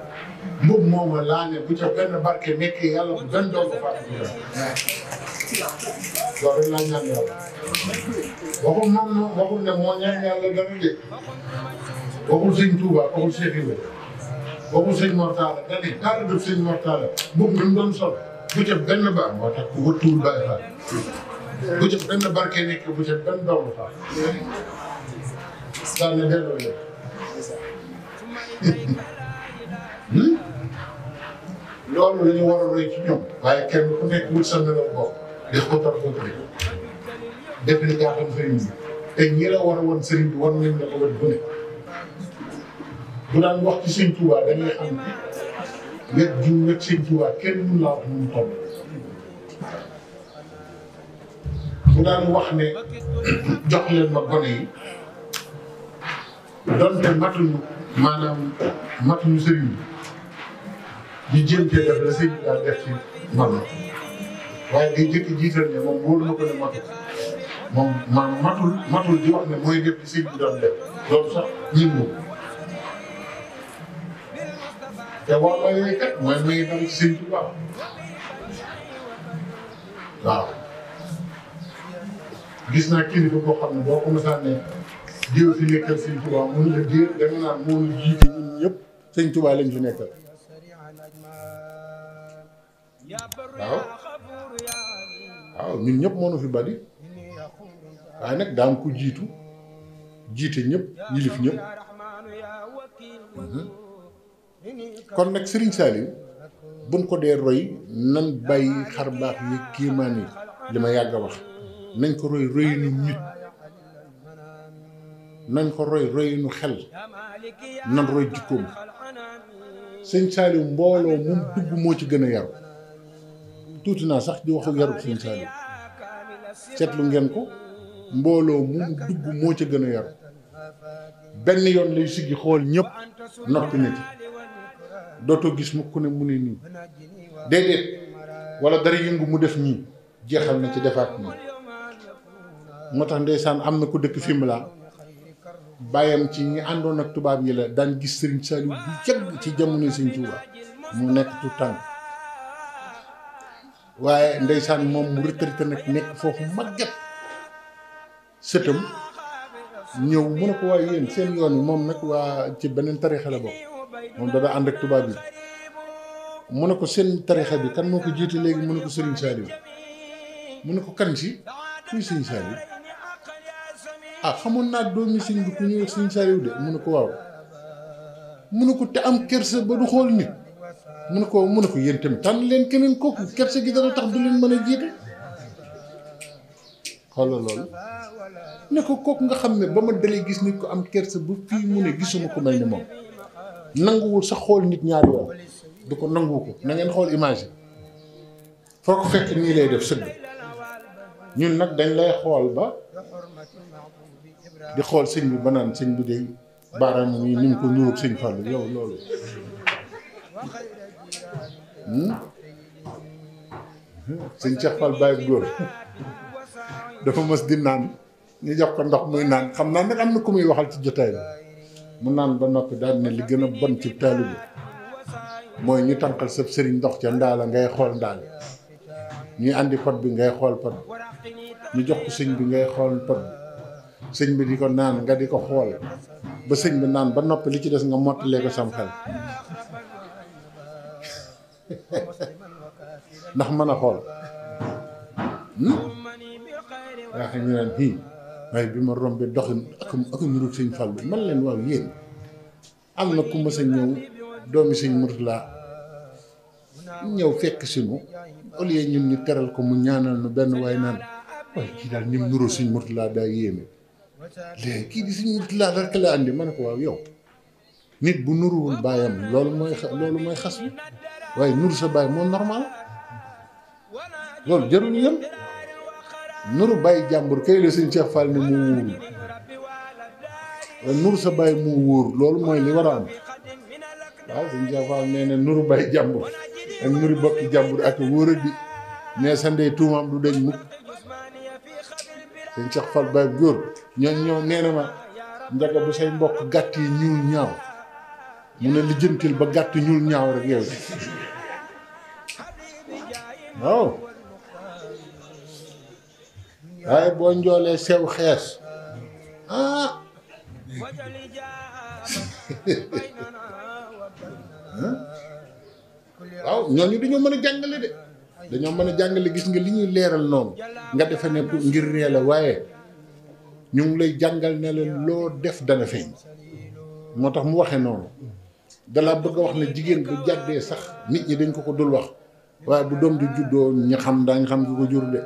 mbubb ma laa ne bu ca benn barke nekkee yàlla bu benn doon ko fàttali loolu rek laa ñaan yàlla waxul moom moom waxul ne moo ñaan yàlla dara de waxul sëñ Touba waxul Cheikh Ibrahima waxul sëñ Mortala da ne taalibu sëñ Mortala bu mu doon sol bu ca benn baax moo tax ku wëttuwul bàyyi faa bu ca benn barke nekk bu ca benn doomu faa daal na delloo hmm? loolu la ñu war a roy ci ñoom kenn ku nekk wut sa melo bopp def li jaaxal sëriñ bi te ñi la war a woon sëriñ bi war nañ la ko wet bu wax ci sëñ Tuubaa dañuy ju wet kenn mënu laa wax nu mu toll bu daan wax ne jox leen ma gone yi donte matuñu maanaam matuñu sëriñ bi ñu jéem cee def la sëñ bi def ci mbal waaye day jëkk jiital ne moom wóor na ko ne matul matul matul di ne mooy lépp di sëñ waaw gis naa kilifa boo xam ne boo ko mosaan ne diw fi nekkal sëñ Tuubaa mun la diir danga naan moom jiite ñun ñëpp sëñ Tuubaa lañ fi nekkal waaw waaw ñun ñëpp moo nu fi bari waaye nag daam ku jiitu jiite ñëpp yilif ñëpp mhm. kon nag Serigne Saliou buñ ko dee roy nan bàyyi xar baax yi kéemaan yi li ma yàgg a wax nañ ko roy royinu nit nañ ko roy royinu xel nan roy jikkoom sëñ Saliou mbooloo mum dugg moo ci gën a yaru tuuti naa sax di wax ak yarub sëñ Saliou seetlu ngeen ko mbooloo mu dugg moo ca gën a yaru benn yoon lay siggi xool ñëpp noppi na ci dootoo gis mu ku ne mu ne nii déedéet wala dara yëngu mu def nii jeexal na ci defaat nii moo tax ndeysaan am na ko dëkk Fimela bàyyam ci ñi àndoon ak tubaab yi la daan gis sëriñ Saliou bu yàgg ci jamono sëñ Tuubaa mu nekk tànk waaye ndeysaan moom mu retraité nag nekk foofu màgget sëtam ñëw mu ne ko waaye yéen seen yoon yi moom nag waa ci beneen tarixa la moom dada ànd ak tubaab yi mu ne ko seen tarixa bi kan moo ko jiite léegi mu ne ko Serigne Saliou mu ne ko kan si kuy Serigne Saliou ah xamoon naa doomi Serigne bi ku ñëw Serigne Saliou de mu ne ko waaw mun ne ko te am kersa ba du xool nit mun ne ko mu ne ko yéen tamit tànn leen keneen kooku kerse gi dana tax du leen mën a jiite xoolal loolu ne ko kooku nga xam ne ba ma dalee gis nit ko am kerse bu fii mu ne gisuma ko mel ni moom nanguwul sax xool nit ñaari yoon du ko nanguwu ko na xool image yi foo ko fekk nii lay def sëgg ñun nag dañ lay xool ba di xool sëñ bi ba naan sëñ bi de baaraam yi ni mu ko ñëw ak sëñ Fallou yow loolu. Hmm? Hmm? sëñ Cheikh Fall Baye góor dafa mës di naan ñu jox ko ndox muy naan xam naa nag am na ku muy waxal ci jotaay bi mu naan ba noppi daal ne li gën a bon ci taalu bi mooy ñu tànqal sab sëriñ ndox ca ndaala ngay xool ndaal ñuy àndi pot bi ngay xool pot bi ñu jox ko sëñ bi ngay xool pot bi sëñ bi di ko naan nga di ko xool ba sëñ bi naan ba noppi li ci des nga mottalee ko sam xel ndax mën a xool hmm? yaa xam ñu naan fii waaye bi ma rombee doxin ak ak nuru sëñ man leen waaw yéen am na ku mas a ñëw doomi sëñ Murtala ñëw fekk sinu au lieu ñun ñu teral ko mu ñaanal nu benn waaye naan waaye kii daal nim nuru sëñ Murtala daa yéeme léegi kii di sëñ Murtala rek la andi ma ne ko waaw yow nit bu nuruwul bàyyam loolu mooy loolu mooy xas wi waaye nuru sa bay mo normal loolu jarul nur nuru bàyyi jàmbur kay le sëñ Cheikh Fall ni mu wóorul waaye nuru sa bay mu wóor loolu mooy li war a am waaw sëñ Cheikh Fall nee nuru bàyyi jàmbur ak nuru bokki jàmbur ak wóora di nee sa ndey ma du dañ mukk sëñ Cheikh Fall bay góor ñoo ñoo nee na ma ndaka bu say mbokk gàtt yi ñuul mu ne lijjantil ba gàtt ñuul ñaaw rek yow waaw waaye boo njoolee sew xees ah <laughs> waaw ñooñu dañoo mën a jàngale de dañoo mën a jàngale gis nga li ñuy leeral noonu nga defe ne ngir ree waaye ñu ngi lay jàngal ne la loo def dana feeñ moo tax mu waxe noonu dalaa bëgg a wax ne jigéen bu jàddee sax nit ñi dañ ko ko dul wax waaye bu doom di juddoo ñi xam daañ xam ki ko jur de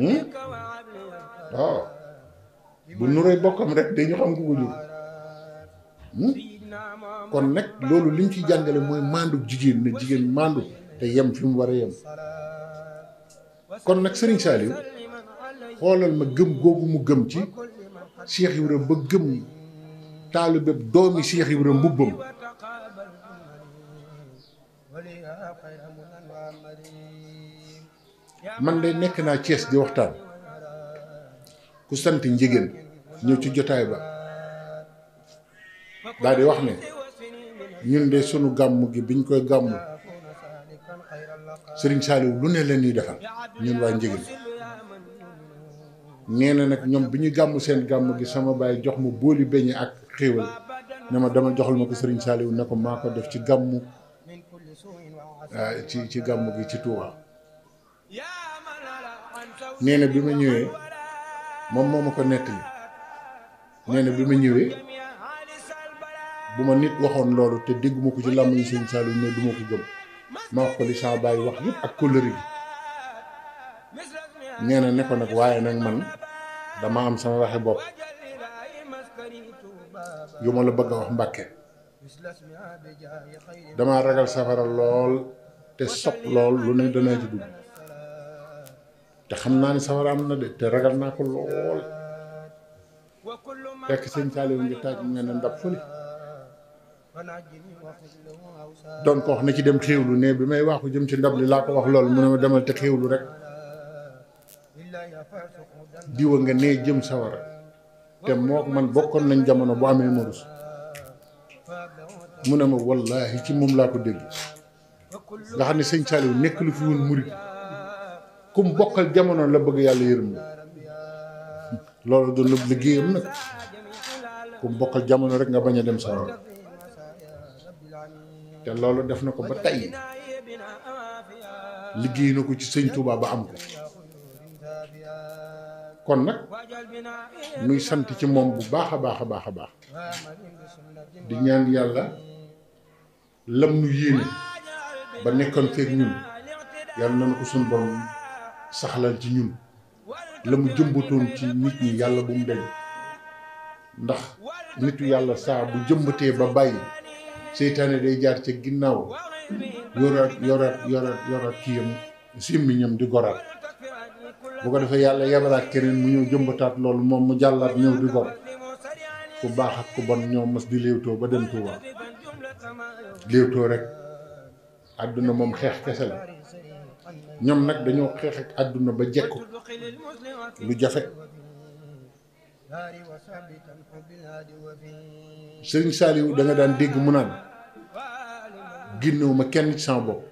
hmm? bokkam rek dañu xam hmm? kon nag loolu liñ ci jàngale mooy maandu jigéen ne jigéen maandu te yem fi mu war a yem kon nag sëriñ Saliou xoolal ma gëm googu mu gëm ci Cheikh Ibrahima ba gëm taalibe doomi Cheikh Ibra mbubbam man de nekk naa Thiès gi waxtaan ku sant njigéen ñëw ci jotaay ba daal wax ne ñun de sunu gàmm gi biñ koy gàmm Serigne Saliou lu ne leen ñuy defal ñun waa njigéen nee nag ñoom bi ñuy gàmm seen gàmm gi sama baay jox ma booli beñe ak xéewal ne ma demal joxal ma ko Serigne Saliou ne ko maa ko def ci gàmmu euh, ci ci gàmmu gi ci Touba bi ma ñëwee moom moo ma ko nettali nee na bi ma ñëwee bu ma nit waxoon loolu te dégguma ko ci làmb yi Serigne Saliou ne du ko gëm ma ko li saa bàyyi wax yëpp ak kóllëre gi nee na ne ko nag waaye nag man dama am sama waxe bopp yu ma la bëgg wax mbàkke dama ragal safara lool te sok lool lu ne danaa ci dugg te xam naa ne safara am na de te ragal naa ko lool fekk sëñ Saaliw ngi taaj mu ne ndab fële doon ko wax na ci dem xéewlu ne bi may waxu jëm ci ndab li laa ko wax lool mu ne ma demal te xéewlu rek diwa nga ne jëm sawara te moo man bokkoon nañ jamono bu amee ma mu ne ma wallaahi ci moom laa ko dégg nga xam ne sëñ Saliou nekk lu fi woon murit ku bokkal jamono la bëgg yàlla yërëm la loolu doon liggéeyam nag ku bokkal jamono rek nga bañ a dem sa yoon te loolu def na ko ba tey liggéey na ko ci sëñ Touba ba am ko kon nag nuy sant ci moom bu baax a baax a baax a baax di ñaan yàlla lam nu yéene ba nekkoon feeg ñun yàlla na ko suñu borom saxlal ci ñun la mu jëmbatoon ci nit ñi yàlla bu mu deñ ndax nitu yàlla saa bu jëmbatee ba bàyyi seytaane day jaar ca ginnaaw yoraat yoraat yoraat yoraat kiyam simmiñam di goraat bu ko defee yàlla yebalaat keneen mu ñëw jëmbataat loolu moom mu jàllaat ñëw di gor ku baax ak ku bon ñoo mës di léewtoo ba dem Tuuba léewtoo rek àdduna moom xeex kese la ñoom nag dañoo xeex ak àdduna ba jekku lu jafe sëriñ Saaliwu danga daan dégg mu naan ma kenn ci sama bopp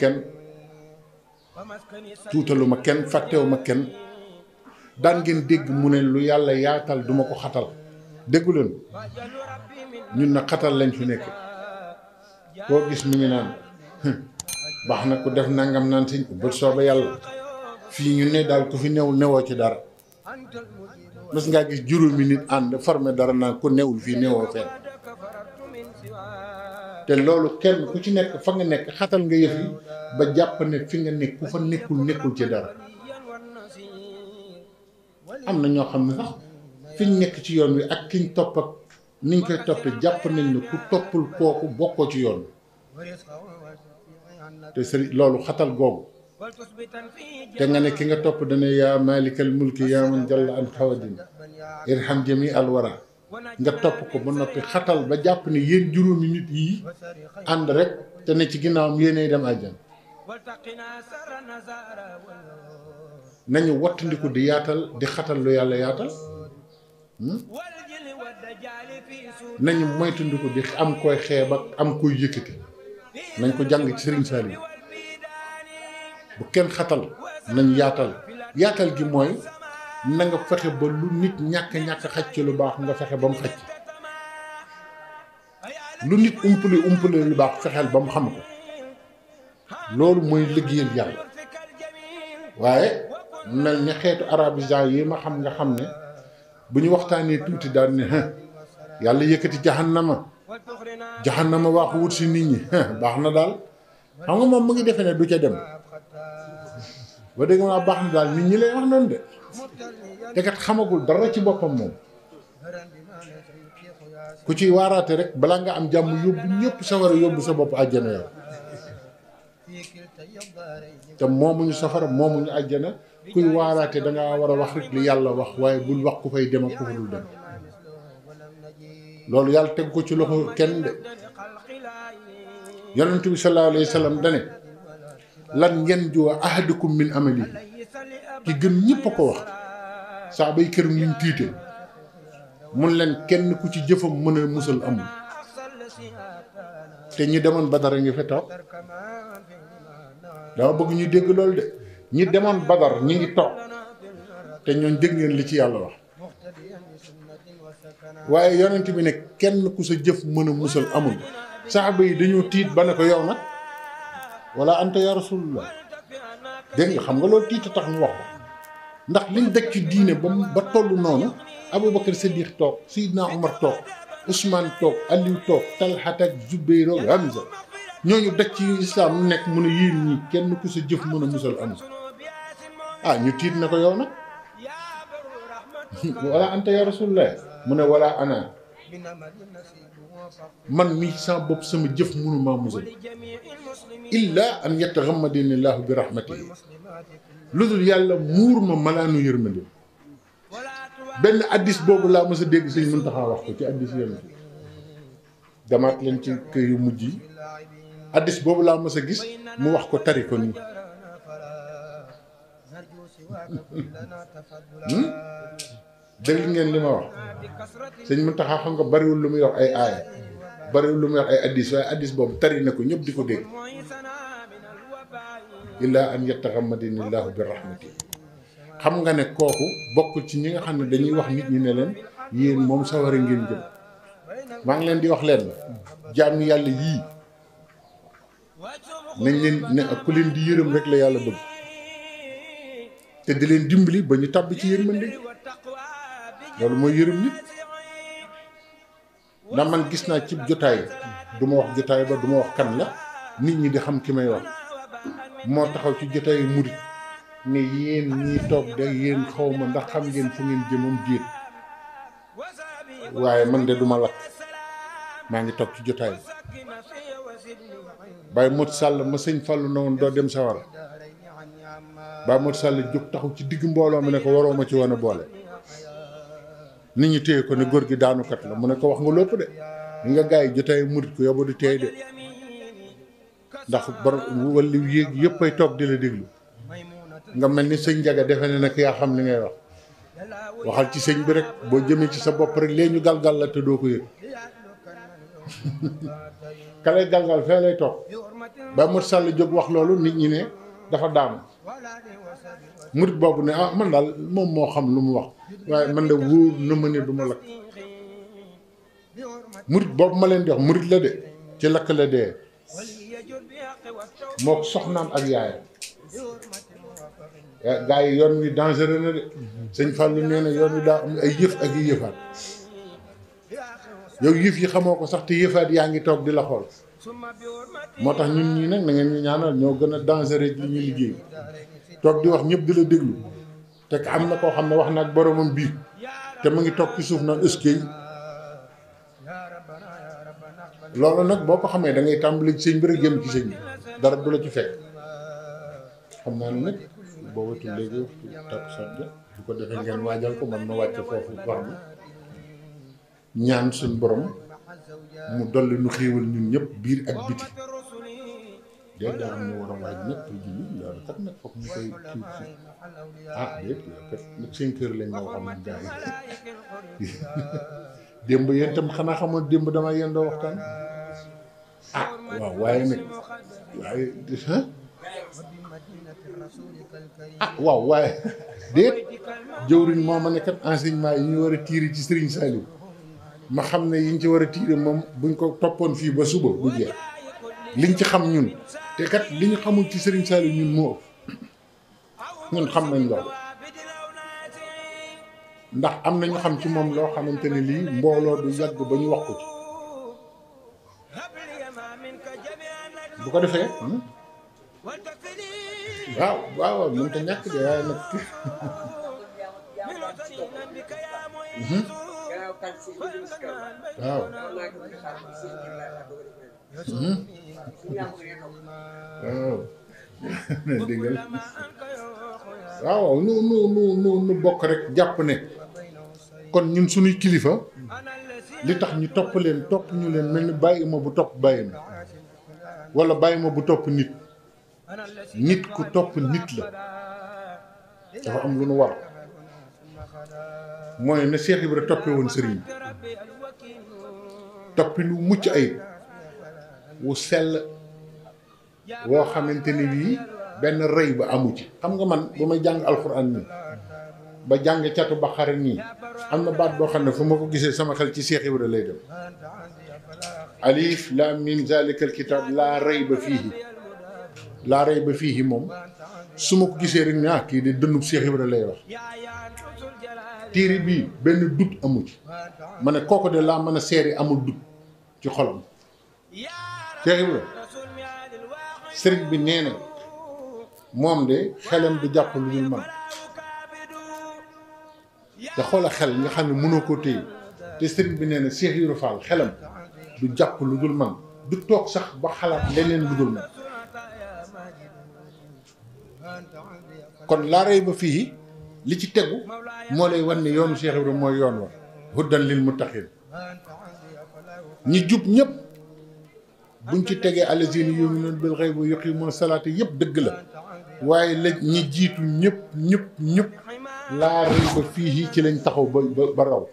kenn tuutalu ma kenn fàttewu ma kenn daan ngeen dégg mu ne lu yàlla yaatal duma ko xatal déggu ñun na xatal lañ fi nekk koo gis mu ngi naan baax na ku def nangam naan si bët sooba yàlla fii ñu ne daal ku fi new newoo ci dara mës ngaa gis juróomi nit ànd forme dara naa ku newul fii newoo fenn te loolu kenn ku ci nekk fa nga nekk xatal nga yëf yi ba jàpp ne fi nga nekk ku fa nekkul nekkul ci dara am na ñoo xam ne sax nekk ci yoon wi ak kiñ ñu topp ak ni koy toppee jàpp nañ ne ku toppul kooku bokkoo ci yoon wi te sëriñ loolu xatal googu te nga ne ki nga topp dana yaa malikal mulki yaa man jalla an xawadin irham jami al wara nga topp ko ba noppi xatal ba jàpp ne yéen juróomi nit yii ànd rek te ne ci ginnaawam yéenay dem àjjan nañu wattandiku di yaatal di xatal lu yàlla yaatal hmm? nañu moytandiku di am koy xeeb ak am koy yëkkati nañ ko jàng ci Sëriñ Saliou bu kenn xatal nañ yaatal yaatal gi mooy na nga fexe ba lu nit ñàkk ñàkk xaj ci lu baax nga fexe ba mu xaj ci lu nit umpale umpale lu baax fexeel ba mu xam ko loolu mooy liggéeyal yàlla waaye mel ni xeetu arabisant yi ma xam nga xam ne bu ñu waxtaanee tuuti daal ne yàlla yëkkati jahannama jahannama waaxu wut si nit ñi baax na daal xam nga moom mu ngi defee ne du ca dem ba dégg naa baax na daal nit ñi lay wax noonu de te xamagul dara ci boppam moom ku ciy waaraate rek balaa nga am jàmm yóbbu ñëpp safara yóbbu sa bopp àjjana yow te moomuñu safara moomuñu àjjana kuy waaraate dangaa war a wax rek li yàlla wax waaye bul wax ku fay dem ak ku fa dul dem loolu yàlla teg ko ci loxo kenn de yonent bi sallallahu alayhi wa sallam dane lan yanjuwa ahadukum min amalihi ki gën ñëpp a ko wax saa bay këram liñ tiite mun leen kenn ku ci jëfam mën a musal amul te ñi demoon badar a ngi fi toog dama bëgg ñu dégg loolu de ñi demoon badar ñi ngi toog te ñooñ dégg ngeen li ci yàlla wax waaye yonent bi ne kenn ku sa jëf mën a musal amul saxaaba yi dañoo tiit ba ne ko yow nag wala anta ya rasulullah dégg nga xam nga loolu tiit a tax ñu wax ko ndax liñ daj ci diine ba ba toll noonu Aboubacar Siddiq toog Seydina Omar toog Ousmane toog Aliou toog Talhat ak Zubayr ak Hamza ñooñu daj ci islam nekk mu a yéen ñi kenn ku sa jëf mën a musal amu ah ñu tiit na ko yow nag <laughs> wala anta ya mu ne wala ana man mi sa bopp sama jëf mënu maa musal illa an yataxammadini llahu bi rahmatihi lu dul yàlla muur ma malaanu yërmande benn addis boobu laa mës a dégg sëñ taxa wax ko ci addis yonent bi damaat leen ci kër yu mujj yi addis boobu laa mës gis mu wax ko tari ko nii hmm? dégg ngeen li ma wax sëñ Muntaxa xam nga bariwul lu muy wax ay aaya bariwul lu muy wax ay addis waaye addis boobu tari na ko ñëpp di ko dégg illaa an yattaxammadani llaahu bi rahmati xam nga ne kooku bokkul ci ñi nga xam ne dañuy wax nit ñi ne leen yéen moom sawara ngeen jëm maa ngi leen di wax leen jaam yàlla yii nañ leen ne ku leen di yërëm rek la yàlla bëgg te di leen dimbali ba ñu tàbb ci yërmande loolu mooy yërëm nit ndax man gis naa ci jotaay du ma wax jotaay ba duma wax kan la nit ñi di xam ki may wax moo taxaw ci jotaayu murit ne yéen ñi toog de yéen xaw ma ndax xam ngeen fu ngeen jëmam déet waaye man de duma lakk maa ngi toog ci jotaay Baye Modou Sall ma sëñ Fallou na woon doo dem sawar Baye Modou Sall jóg taxaw ci digg mbooloo mi ne ko waroo ma ci woon a boole nit ñi téye ko ne góor gi daanukat la mu ne ko wax nga lépp de li nga gars yi murit ko yóbbu di téye de ndax borom wàllu yéeg ay toog di la déglu nga mel ni sëñ Njaga defe ne nag yaa xam li ngay wax waxal ci sëñ bi rek boo jëmee ci sa bopp rek lee ñu galgal la te doo ko yëg <laughs> ka lay galgal fee lay toog ba Mor Sall jóg wax loolu nit ñi ne dafa daanu murit boobu ne ah man daal moom moo xam lu mu wax waaye man de wóor na ma ne du ma lakk murit boobu ma leen di wax murit la de ci lakk la dee mook soxnaam ak yaayam eh, gaa yi yoon wi dangereux na de sëñ Fallou nee na yoon wi daa am ay yëf ak yi yëfaat yow yëf yi xamoo ko sax te yëfaat yaa ngi toog di la xool moo tax ñun ñii ne na ngeen ñu ñaanal ñoo gën a dangereux li ñu liggéey toog di wax ñëpp di la déglu te am na koo xam ne wax na ak boromam biir te mu ngi toog ci suuf naan ëskey loolu nag boo ko xamee da ngay tàmbali sëñ bi rek jëm ci sëñ bi. dara du la ci fekk xam naa boo wetu léegi waxtu takkusaan ja bu ko defee ngeen waajal ko mën na wàcc foofu wax bi ñaan suñ borom mu dolli nu xéewal ñun ñëpp biir ak biti déet daa am ñu war a waaj nag pour julli loolu kat nag foog ñu koy kii ci ah déet loolu kat nag cinq heures lañ ma waxoon nag gars yi <laughs> démb yéen itam xanaa xamoon démb dama yendoo waxtaan Ah, ah waaw waaye nag waaw waaye déet jëwriñ moo ma ne kat enseignement yi ñu war a tiiri ci Serigne Saliou ma xam ne yiñ ci war a tiiri moom buñ ko toppoon fii ba suba bu jeex liñ ci xam ñun te kat li ñu xamul ci Serigne Saliou ñun mu ëpp ñun xam nañ loolu ndax am na ñu xam ci moom loo xamante ni lii mbooloo du yàgg ba ñu wax ko ci. bu ko defee. Hmm? waaw waaw waaw mënut ñàkk de waaye nag. Hmm? waaw. <laughs> waaw. waaw nu nu nu nu bokk rek jàpp ne kon ñun suñuy kilifa li tax ñu topp leen topp ñu leen mel ni bàyyi ma bu topp bàyyi ma. wala bàyyi ma bu topp nit nit ku topp nit la dafa am lu nu war mooy na Cheikh Ibra toppee woon sëriñ bi toppi lu mucc ay wu sell woo xamante ni bii benn rëy ba amu ci xam nga man ba may jàng alxuraan nii ba jàng catu ba xare nii am na baat boo xam ne fu ma ko gisee sama xel ci Cheikh Ibra lay dem الف لام من ذلك الكتاب لا ريب فيه لا ريب فيه موم سموك غيسه ريك نا كي دي دنوب شيخ ابراهيم لاي واخ تيري بي بن دوت اموت مانه كوكو دي لا مانه سيري امو دوت تي خولم شيخ ابراهيم سيرك بي نينا موم دي خلم دي جاب لو نيل مان دا خولا خل ني خامي مونوكو تي تي سيرك بي نينا شيخ يورو فال خلم du jàpp lu dul man du toog sax ba xalaat leneen lu dul man kon laa rey ba fii li ci tegu moo lay wan ne yoonu Cheikh Ibrahima mooy yoon wa huddan lil muttaqin ñi jub ñëpp buñ ci tegee allazina yu'minuna bil ghaybi wa yuqimuna salaata yëpp dëgg la waaye la ñi jiitu ñëpp ñëpp ñëpp laa rey ba fii ci lañ taxaw ba ba raw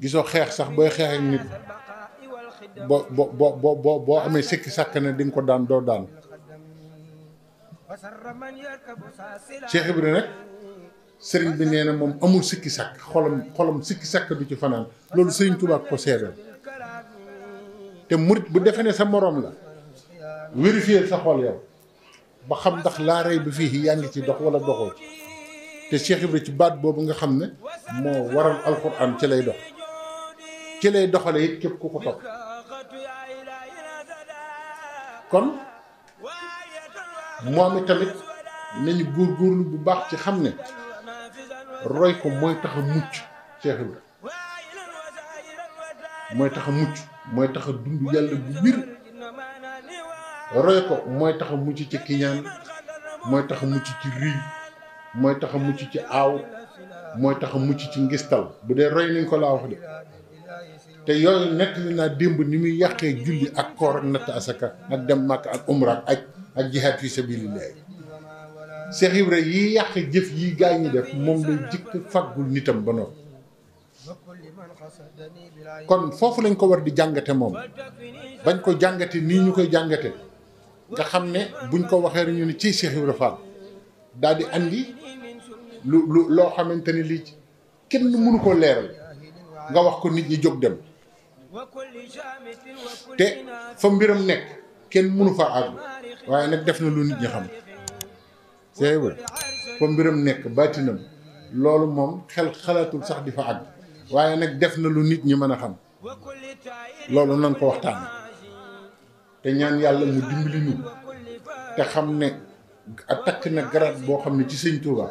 gisoo xeex sax booy xeex ak nit bo bo bo bo boo amee sikki sàkk ne di nga ko daan doo daan Cheikh Ibra nag sëriñ bi nee na moom amul sikki sàkk xolam xolam sikki sàkk du ci fanaan loolu sëriñ Tuubaa ko seedal te murit bu defe ne sa moroom la vérifier sa xol yow ba xam ndax laa rey bi fii yaa ngi ci dox wala doxoo ci te Cheikh Ibra ci baat boobu nga xam ne moo waral alxuraan ci lay dox ci lay doxale it képp ku ko topp kon moom tamit nañu góorgóorlu bu baax ci xam ne roy ko mooy tax mucc Cheikh Ibra mooy tax a mucc mooy tax dund yàlla bu wér roy ko mooy tax mucc ci kiñaan mooy tax a mucc ci riy mooy tax mucc ci aaw mooy tax mucc ci ngistal bu dee roy nañ ko laa wax de te yooyu nekk li naa démb ni muy yàqee julli ak koor ak natt asaka ak dem màkk ak umra ak aj ak jihaad fi sabilillah Cheikh Ibra yi yàq jëf yi gaa ñi def moom lay jikk faggul nitam ba noppi kon foofu lañ ko war di jàngate moom bañ ko jàngate nii ñu koy jàngate nga xam ne buñ ko waxee rek ñu ne ci Cheikh Ibra Fall daal di andi lu lu loo xamante ni lii kenn mënu ko leeral nga wax ko nit ñi jóg dem te fa mbiram nekk kenn mënu fa àgg waaye nag def na lu nit ñi xam c'est fa mbiram nekk baatinam loolu moom xel xalaatul sax di fa àgg waaye nag def na lu nit ñi mën a xam loolu nan ko waxtaan te ñaan yàlla mu dimbali ñu te xam ne takk na garaat boo xam ne ci sëñ Tuuba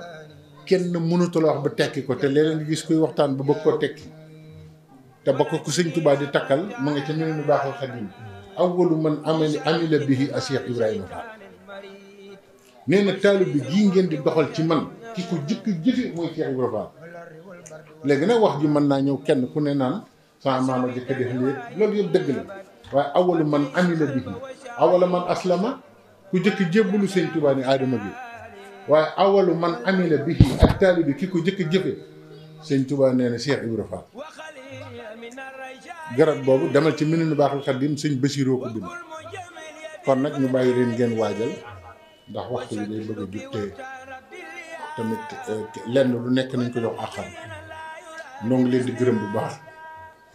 kenn mënatul a wax ba tekki ko te leneen gis kuy waxtaan ba bëgg ko tekki te ba ko ku sëñ Tuubaa di takkal mu nga ca ñu nu baaxal xadim awwalu man amali amila bihi a Cheikh Ibrahima Fall nee na taalib bi gii ngeen di doxal ci man ki ko jëkk jëfe mooy Cheikh Ibrahima léegi nag wax ji mën naa ñëw kenn ku ne naan sama maama jëkk def lii loolu yëpp dëgg la waaye awwalu man amila bihi awala man aslama ku jëkk jébbalu sëñ Tuubaa ni aadama bi waaye awalu man amila bihi ak taalib bi ki ko jëkk jëfe sëñ Tuubaa nee na Cheikh garab boobu demal ci mininu baaxul xadim sëñ Basiiroo ko bind kon nag ñu bàyyi leen ngeen waajal ndax waxtu bi day bëgg jub te tamit eh, lenn lu nekk nañ ko jox àqam noo ngi leen di gërëm bu baax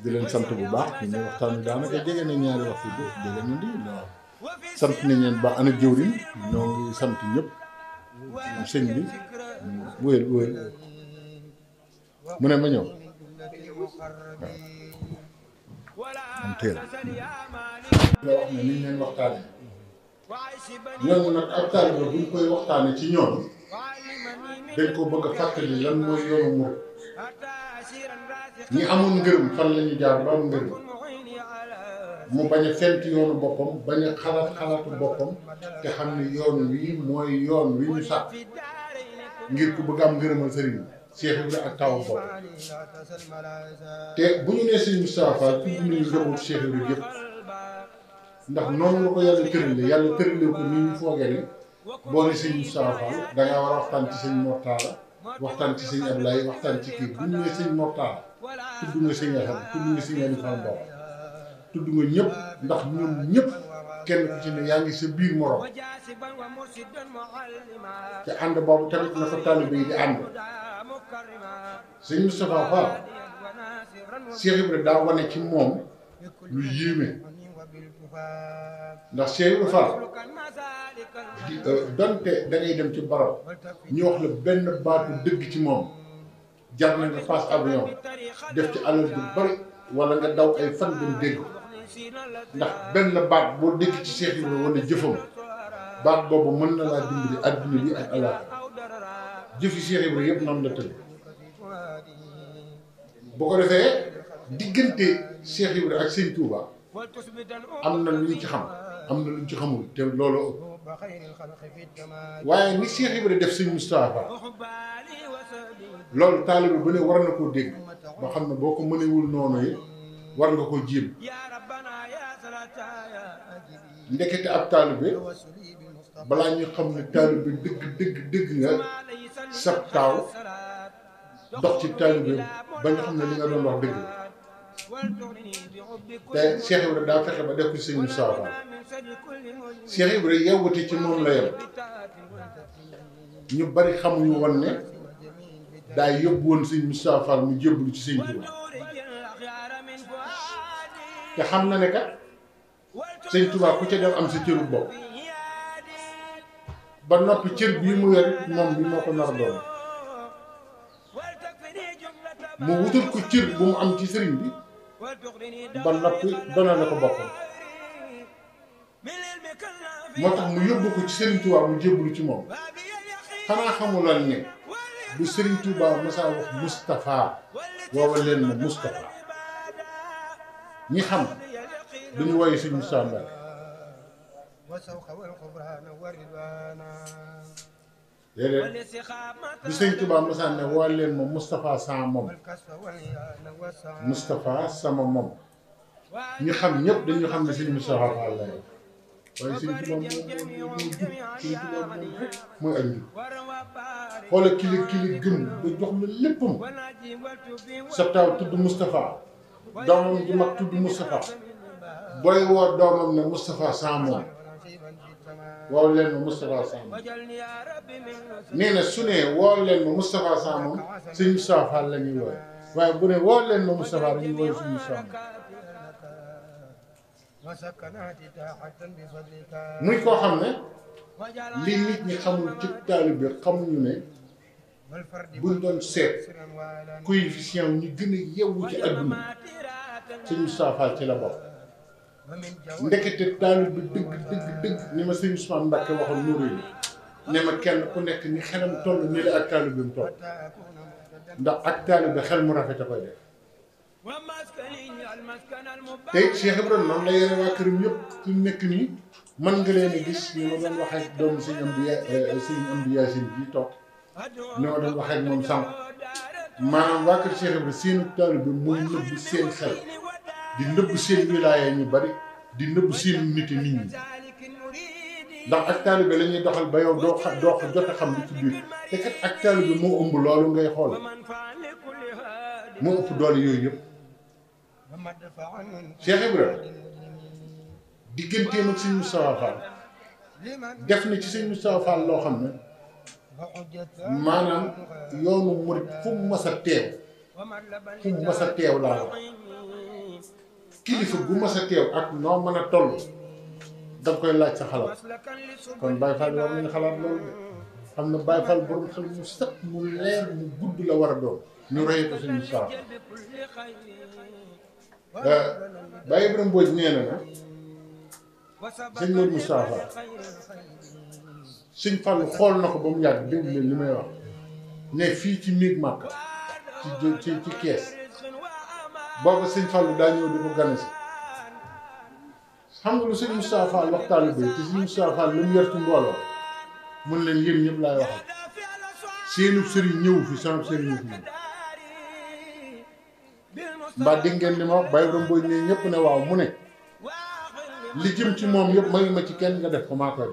di leen sant bu baax ñu ne waxtaan bi daanaka jege na ñaari waxtu sant nañ leen ba ana jëwriñ ñoo sant ñëpp sëñ bi wóyal wóyal mu ne ma ñëw moom teel la yi ne niñ nag ab taalibe la buñ koy waxtaane ci ñoom dañ ko bëgg a fàttali lan mooy yoonu murid ñi amoon ngërëm fan la ñu jaar ba am ngërëm mu bañ a fent yoonu boppam bañ a xalaat xalaatu boppam te xam ne yoon wi mooy yoon wi ñu sàkk ngir ku bëgg am ngërëmal sëriñ Cheikh Ibrahima ak tawam bopp te bu ñu nee Serigne Moustapha tudd ndax noonu la ko yàlla tëralee yàlla tëralee boo ne Serigne Moustapha war a waxtaan ci waxtaan ci Serigne waxtaan ci kii bu ñu nee Serigne Mor nga Serigne nga Serigne Aliou tudd nga ñëpp ndax ñoom ñëpp kenn ku ci ne yaa ngi sa biir morom te ànd boobu tamit na fa taalibe yi di ànd. sëñ Moustapha Fall Cheikh Ibrahima daa wane ci moom lu yéeme ndax Cheikh Ibrahima Fall di euh, donte da dem ci barab ñu wax la benn baatu dëgg ci moom jar na nga paas avion def ci alal bu bari wala nga daw ay fan dem dégg ndax benn baat boo dégg ci Cheikh Ibrahima jëfam baat boobu mën na laa dimbali adduna yi ak alaaka jëfi Cheikh Ibrahima yëpp noonu la tëdd. boo ko defee diggante Cheikh Ibra ak Sëñ Touba am na lu ñu ci xam am na lu ñu ci xamul te loolu ëpp waaye ni Cheikh Ibra def Sëñ Moustapha loolu taalibe bu ne war na koo dégg ba xam ne boo ko mënewul noonu yi war nga ko jéem ndekete ab taalibe balaa ñu xam ne taalibe dëgg dëgg dëgg nga sab taaw dox ci taalibe ba nga xam ne li nga doon wax dëgg te Cheikh daa fexe ba def ko sëñ Moussa Fall Cheikh Ibrahima ci moom la yem ñu bari xamuñu woon ne daa yóbbu woon sëñ Moussa Fall mu jébbalu ci sëñ Tuubaa te xam na ne kat sëñ Tuubaa ku ca def am sa cëru bopp ba noppi cër bii mu yor moom bi moo ko nar doon mu wutal ko cër bu mu am ci sëriñ bi ba noppi dana ko boppam moo tax mu yóbbu ko ci sëriñ Touba mu jébbalu ci moom xanaa xamuloon ne bu sëriñ Touba masaa wax Moustapha woowa leen ma Moustapha ñi xam dañu woye sëriñ Moustapha Mbacke دي مصطفى سامم مصطفى سامم ني خام ييب دا ني خام سي مصطفى الله واي سي ما اني خول كيلي كيلي گم دا جوخ لي ليبم سبتاو تود woow leen ma Moustapha Sam nee na su ne woow leen ma Moustapha Sam moom suñu Moustapha la ñuy wooy waaye bu ne woow leen ma Moustapha dañuy wooy suñu Moustapha muy koo xam ne li nit ñi xamul ci taalibe bi xamuñu ne buñ doon seet coefficient ñu gën a yewwu ci adduna suñu Moustapha ci la bokk ndekete taanu bi dëgg dëgg dëgg ni ma sëñ Ousmane Mbacke waxoon mu rëy ne ma kenn ku nekk ni xelam toll nii ak taanu bi mu toll ndax ak taanu bi xel mu rafet a koy def te Cheikh Ibrahima moom la yore waa këram yëpp nekk nii mën nga leen a gis ni ma doon waxee doomu sëñ Amdi eh, sëñ Amdi Yaasin bi toog ni ma doon waxee ak moom sànq maanaam waa kër Cheikh Ibrahima seenu taanu bi muy nëbb seen xel. di nëbb seen wilaaya ñu bari di nëbb seen nit nit ñi ndax ak taalibe la doxal ba yow doo xa doo jote xam li ci biir te kat ak taalibe moo ëmb loolu ngay xool moo ëpp doole yooyu yëpp Cheikh Ibrahima digganteem ak sëñ Moustapha def na ci sëñ Moustapha loo xam ne maanaam yoonu mu mas a teew fu mu mas teew laa wax kilifa gu mas a teew ak noo mën a toll danga koy laaj sa xalaat kon Baye Fall war nañu xalaat loolu de xam na Baye Fall borom xel mu sëpp mu leer mu gudd la war a doon ñu royee ko suñu saaf euh, Baye Ibrahima Mbodj xool na ko ba mu yàgg dégg li may wax ne fii ci miig màkk ci ci ci kees booba sëñ Fallou daa ñëw di ko gane si xam nga lu sëñ Moustapha Fall wax taalibe te sëñ Moustapha lu mun leen yéen ñëpp laay waxal seenub sëriñ ñëw fi sama sëriñ ñëw fi mbaa dégg li ma wax Baye Ibrahima Mboye ne ñëpp ne waaw mu ne li jëm ci moom yëpp mayu ma ci kenn nga def ko maa koy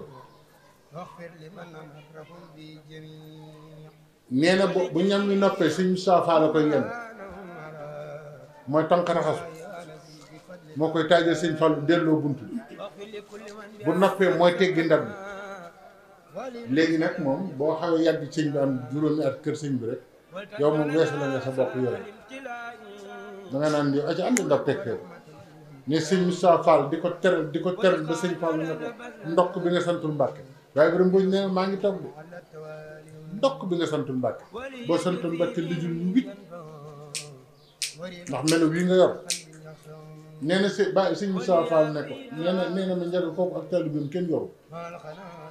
nee na bu ñam ñu noppee sëñ Moustapha la koy ngeen mooy tànk raxas moo koy taajal sëñ Fallu delloo bunt bi bu noppee mooy teggi ndab bi léegi nag moom boo xawee yàgg sëñ bi am juróomi at kër sëñ bi rek yow moom weesu la nga sa bopp yore danga naan yow aca ànd ndab teg ne sëñ Moussa Fall di ko teral di ko teral ba sëñ Fall ne ndokk bi nga santul Mbàkke waaye borom boo nee maa ngi toog de ndokk bi nga santul Mbàkke boo santul Mbàkke lijul wit ndax melo bii nga yor nee na së ba sëñ Moussa Fall ne ko nee na nee na ma njariñ kooku ak taalibeem kenn yoru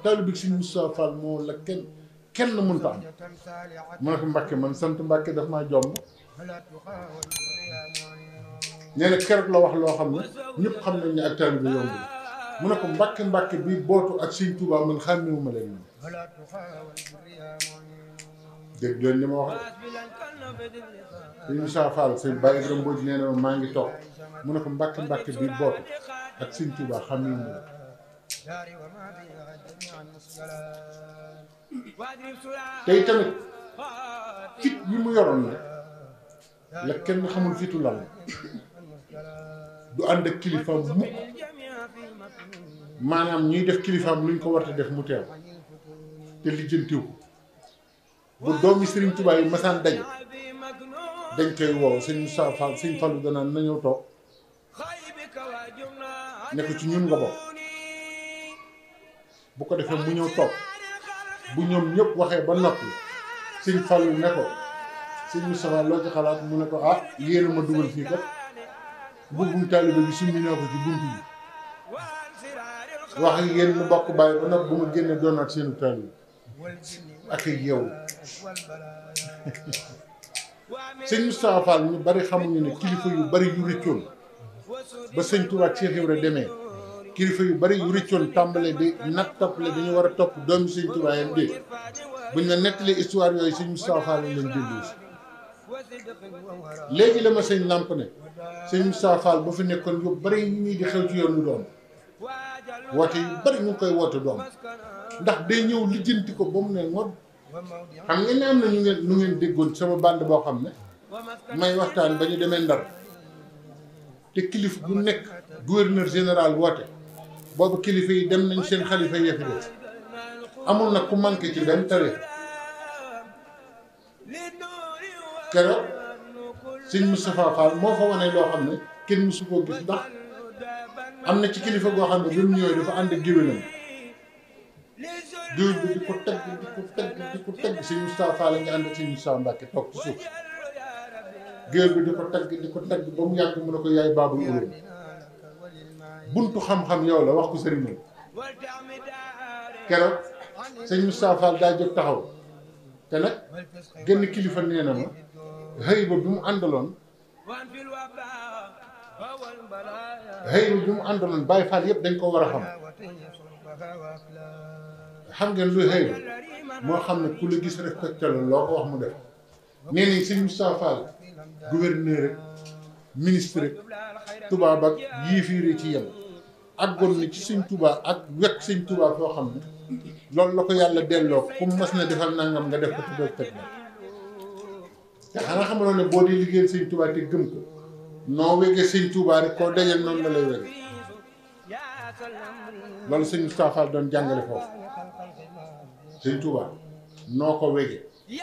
taalibe sëñ Moussa Fall moo la kenn kenn mënut a am mu ne ko Mbàkke man sant Mbàkke daf maa jomb nee na keroog la wax loo xam ne ñëpp xam nañ ne ak taalibe yomb la mu ne ko Mbàkke Mbàkke bi bootu ak sëñ Touba man xàmmeewuma leen dégg jooju li ma wax de ñu Moussa Fall sëñ Baye Ibrahima Mbodj nee na maa ngi toog mu ne ko mbàkk mbàkk bi bootu ak sëñ Tuubaa xam ni mu tey tamit mu yoroon na la kenn xamul fitu lan du ànd ak kilifaam mukk maanaam ñuy def kilifaam luñ ko war def mu teew te lijjantiw bu doomi Serigne Touba yi masaan daje dañ koy woow sëñ Moussa Fall sëñ Fallu danaan na ñëw toog ne ko ci ñun nga bokk bu ko defee mu ñëw toog bu ñoom ñëpp waxee ba noppi sëñ Fallu ne ko sëñ Moussa Fall ci xalaat mu ne ko ah yéena ma dugal fii kat mbubbum taalibe bi summi ñoo ko ci bunt yi wax ak yéen ñu bokk bàyyi ba nag bu ma génnee doonaat seenu taalibe ak yow sëñ Moustapha Fall ñu bari xamuñu ni kilifa yu bari yu rëccoon ba sëñ Tuubaa Cheikh Ibrahima demee kilifa yu bari yu rëccoon tàmbale bi nag toppale dañu war a topp doomi sëñ Tuubaa yam dé buñ la nettali histoire yooyu sëñ Moustapha Fall lañ léegi la ma sëñ nàmp ne sëñ Moustapha ba fi nekkoon yu bari ñii di xew ci yoon ñu ngi koy woote doom ndax day ñëw lijjanti ko ba mu ne ngod xam nga ne am na ñu ngeen nu ngeen déggoon sama bande boo xam ne may waxtaan ba ñu demee ndar te kilif bu nekk gouverneur général woote boobu kilifa yi dem nañ seen xalifa yi fi def amul nag ku manqué ci benn tare keroog sëñ Moustapha Fall moo fa wane loo xam ne kenn mësu koo gis ndax am na ci kilifa goo xam ne bi mu ñëwee dafa ànd ak géej bi di ko teg di ko teg la nga ànd ak sëñ Moustapha toog suuf géej bi di ko teg di ko teg ba mu yàgg mu ne ko yaay baabul ulum buntu xam-xam yow la wax ko sëriñ bi keroog sëñ Moustapha daa jóg taxaw te nag genn kilifa nee na ma xëy ba bi mu àndaloon xëy ba bi mu àndaloon Baye Fall yëpp dañ ko war a xam. xam ngeen luy xëy moo xam ne ku la gis respecté la loo ko wax mu def nee nañ sëñ Moustapha Fall gouverneur rek ministre rek tubaab ak yiifiire ci yem àggoon na ci sëñ Tuubaa ak wekk sëñ Tuubaa foo xam ne loolu la ko yàlla delloo ku mas na defal nangam nga def ko te doo teg te xanaa xamaloon ne boo dee liggéeyal sëñ Tuubaa te gëm ko noo wegee sëñ Tuubaa rek koo dajal noonu la lay wege loolu sëñ Moustapha doon jàngale foofu sëñ Tuubaa noo ko wege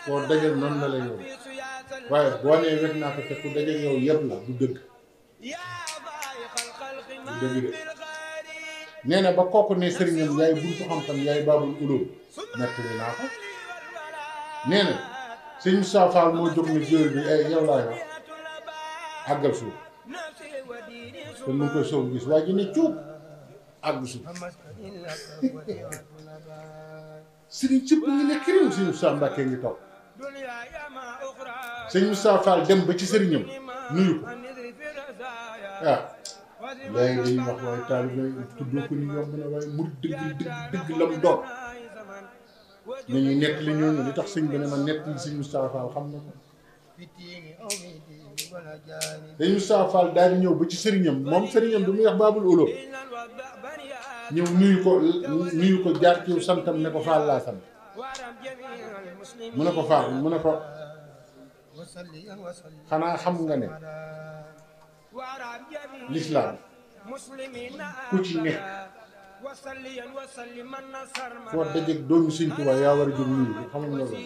koo dajal noonu la la yow waaye boo nee weg naa ko te ku dajal yow yëpp la du dëgg nee na ba kooku ne sëriñam yaay buntu xam-xam yaay baabul ulóom nettali naa ko nee na sëñ Moussa moo jóg ne jóor bi ay eh, yow laay wax àggal suuf te mu koy soog gis waa ji ne cuub àgg suuf <laughs> sëriñ cëpp ngi nekk réew sëriñ Moussa ngi toog sëriñ Moussa dem ba ci sëriñam nuyu ko ah, waaye taalibe tuddoo ko ni yomb na waaye murid dëgg dëgg dëgg la mu doon nañuy nekk li ñooñu li tax sëñ bi ne ma nekk li sëñ Moustapha xam na ko sëñ Moustapha daal ñëw ba ci sëriñam moom sëriñam bi muy wax baabul olo ñëw nuyu ko nuyu jaar ci santam ne ko faal laa sant mu ne ko faal mu ne ko xanaa xam nga ne lislaam ku ci nekk foo dajeeg doomi Sëñ Tuubaa yaa war a nuyu ko xam nga loolu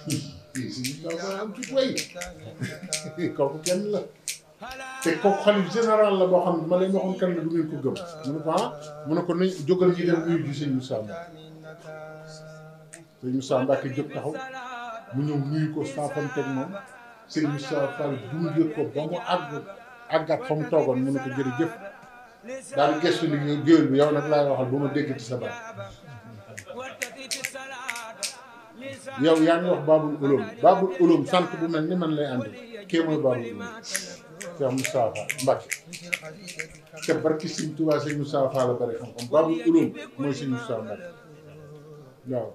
<laughs> <laughs> kooku kenn la te kooku xalif général la boo xam ne ma leen waxoon kan la du ngeen ko gëm mu ne ko ah mu ne ko nañ jógal ñi dem nuyu ji sëñ Moussa Mbacke sëñ Moussa Mbacke jóg taxaw mu ñëw nuyu ko saafanteeg moom sëñ Moussa Fall gunge ko ba mu àgg àggaat fa mu toogoon mu ne ko jërëjëf daal gestu ni nga bi yow nag laay waxal ba ma dégg ci sa baat yow yaa ngi wax baabul ulum baabul ulum sant bu mel ni man lay ànd kee baabul ulum Cheikh Moustapha Mbacke te barki Serigne Touba Serigne Moustapha la bari xam-xam Babul Ulum mooy Serigne Moustapha Mbacke waaw ya.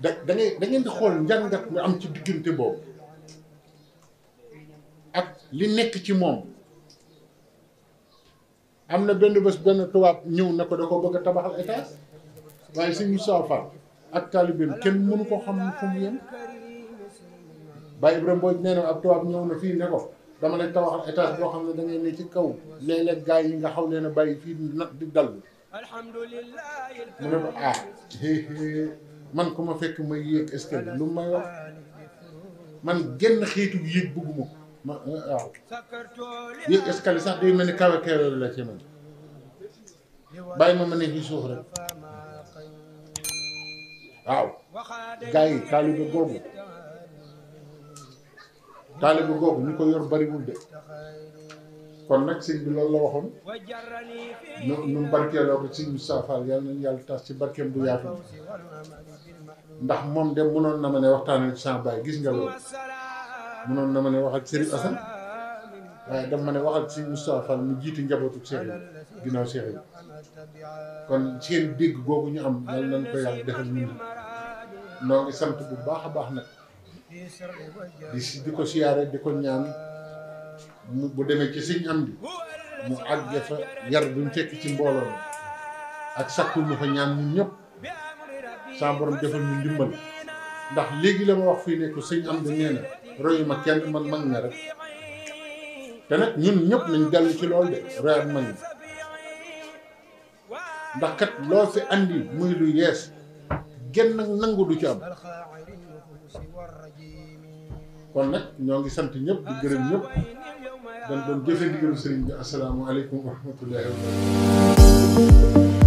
da da ngay da ngeen di xool njàngat mu am ci diggante boobu ak li nekk ci moom am na benn bés benn tubaab ñëw na ko da ko bëgg a tabaxal étage waaye Serigne Moustapha ak taalibeem kenn mënu ko xam fu mu yem Baye Ibrahima boo nee na ab tubaab ñëw na fii ne ko dama lay tabaxal étage boo xam ne da ne ci kaw léeg-léeg yi nga xaw leen a bàyyi fii na di dal mu ne ko ah man ku ma fekk may yéeg escalier lu may wax man genn xeetu yéeg bëgguma ma ah, waaw yéeg escalier sax day mel ni kawe kawe la ci man bàyyi ma ma ne fii suuf rek waaw gars yi taalibe googu taalibu googu ñu ko yor bariwul de kon nag sëñ bi loolu la waxoon nu nu barkeeloo ko sëñ Moustapha Fall yàlla nañu yàlla tas ci barkeem bu yaatu ndax moom de mënoon na ma ne waxtaanee ci sama gis nga loolu mënoon na ma ne wax ak Serigne Assane waaye daf ma ne wax ak sëñ Moustapha mu jiiti njabootu Cheikh yi ginnaaw Cheikh yi kon seen dégg googu ñu am yàlla nañ ko yàlla defal ñun noo ngi sant bu baax a baax nag. di si di ko siyaare di ko ñaan bu demee ci sëñ am bi mu àgg fa yar bi fekk ci mbooloo ak sakku mu ñaan ñun ñëpp saa borom defal ñu ndimbal ndax léegi la ma wax fii ne ko sëñ am di nee na royu kenn man mag na rek te nag ñun ñëpp nañ dellu ci lool de royaat mag ñi ndax kat loo fi andi muy lu yees genn nangu du ci am kon nag ñoo ngi sant ñëpp di gërëm ñëpp dañ doon jëfe di gërëm sëriñ bi asalaamaaleykum wa rahmatullahi wa barakatuh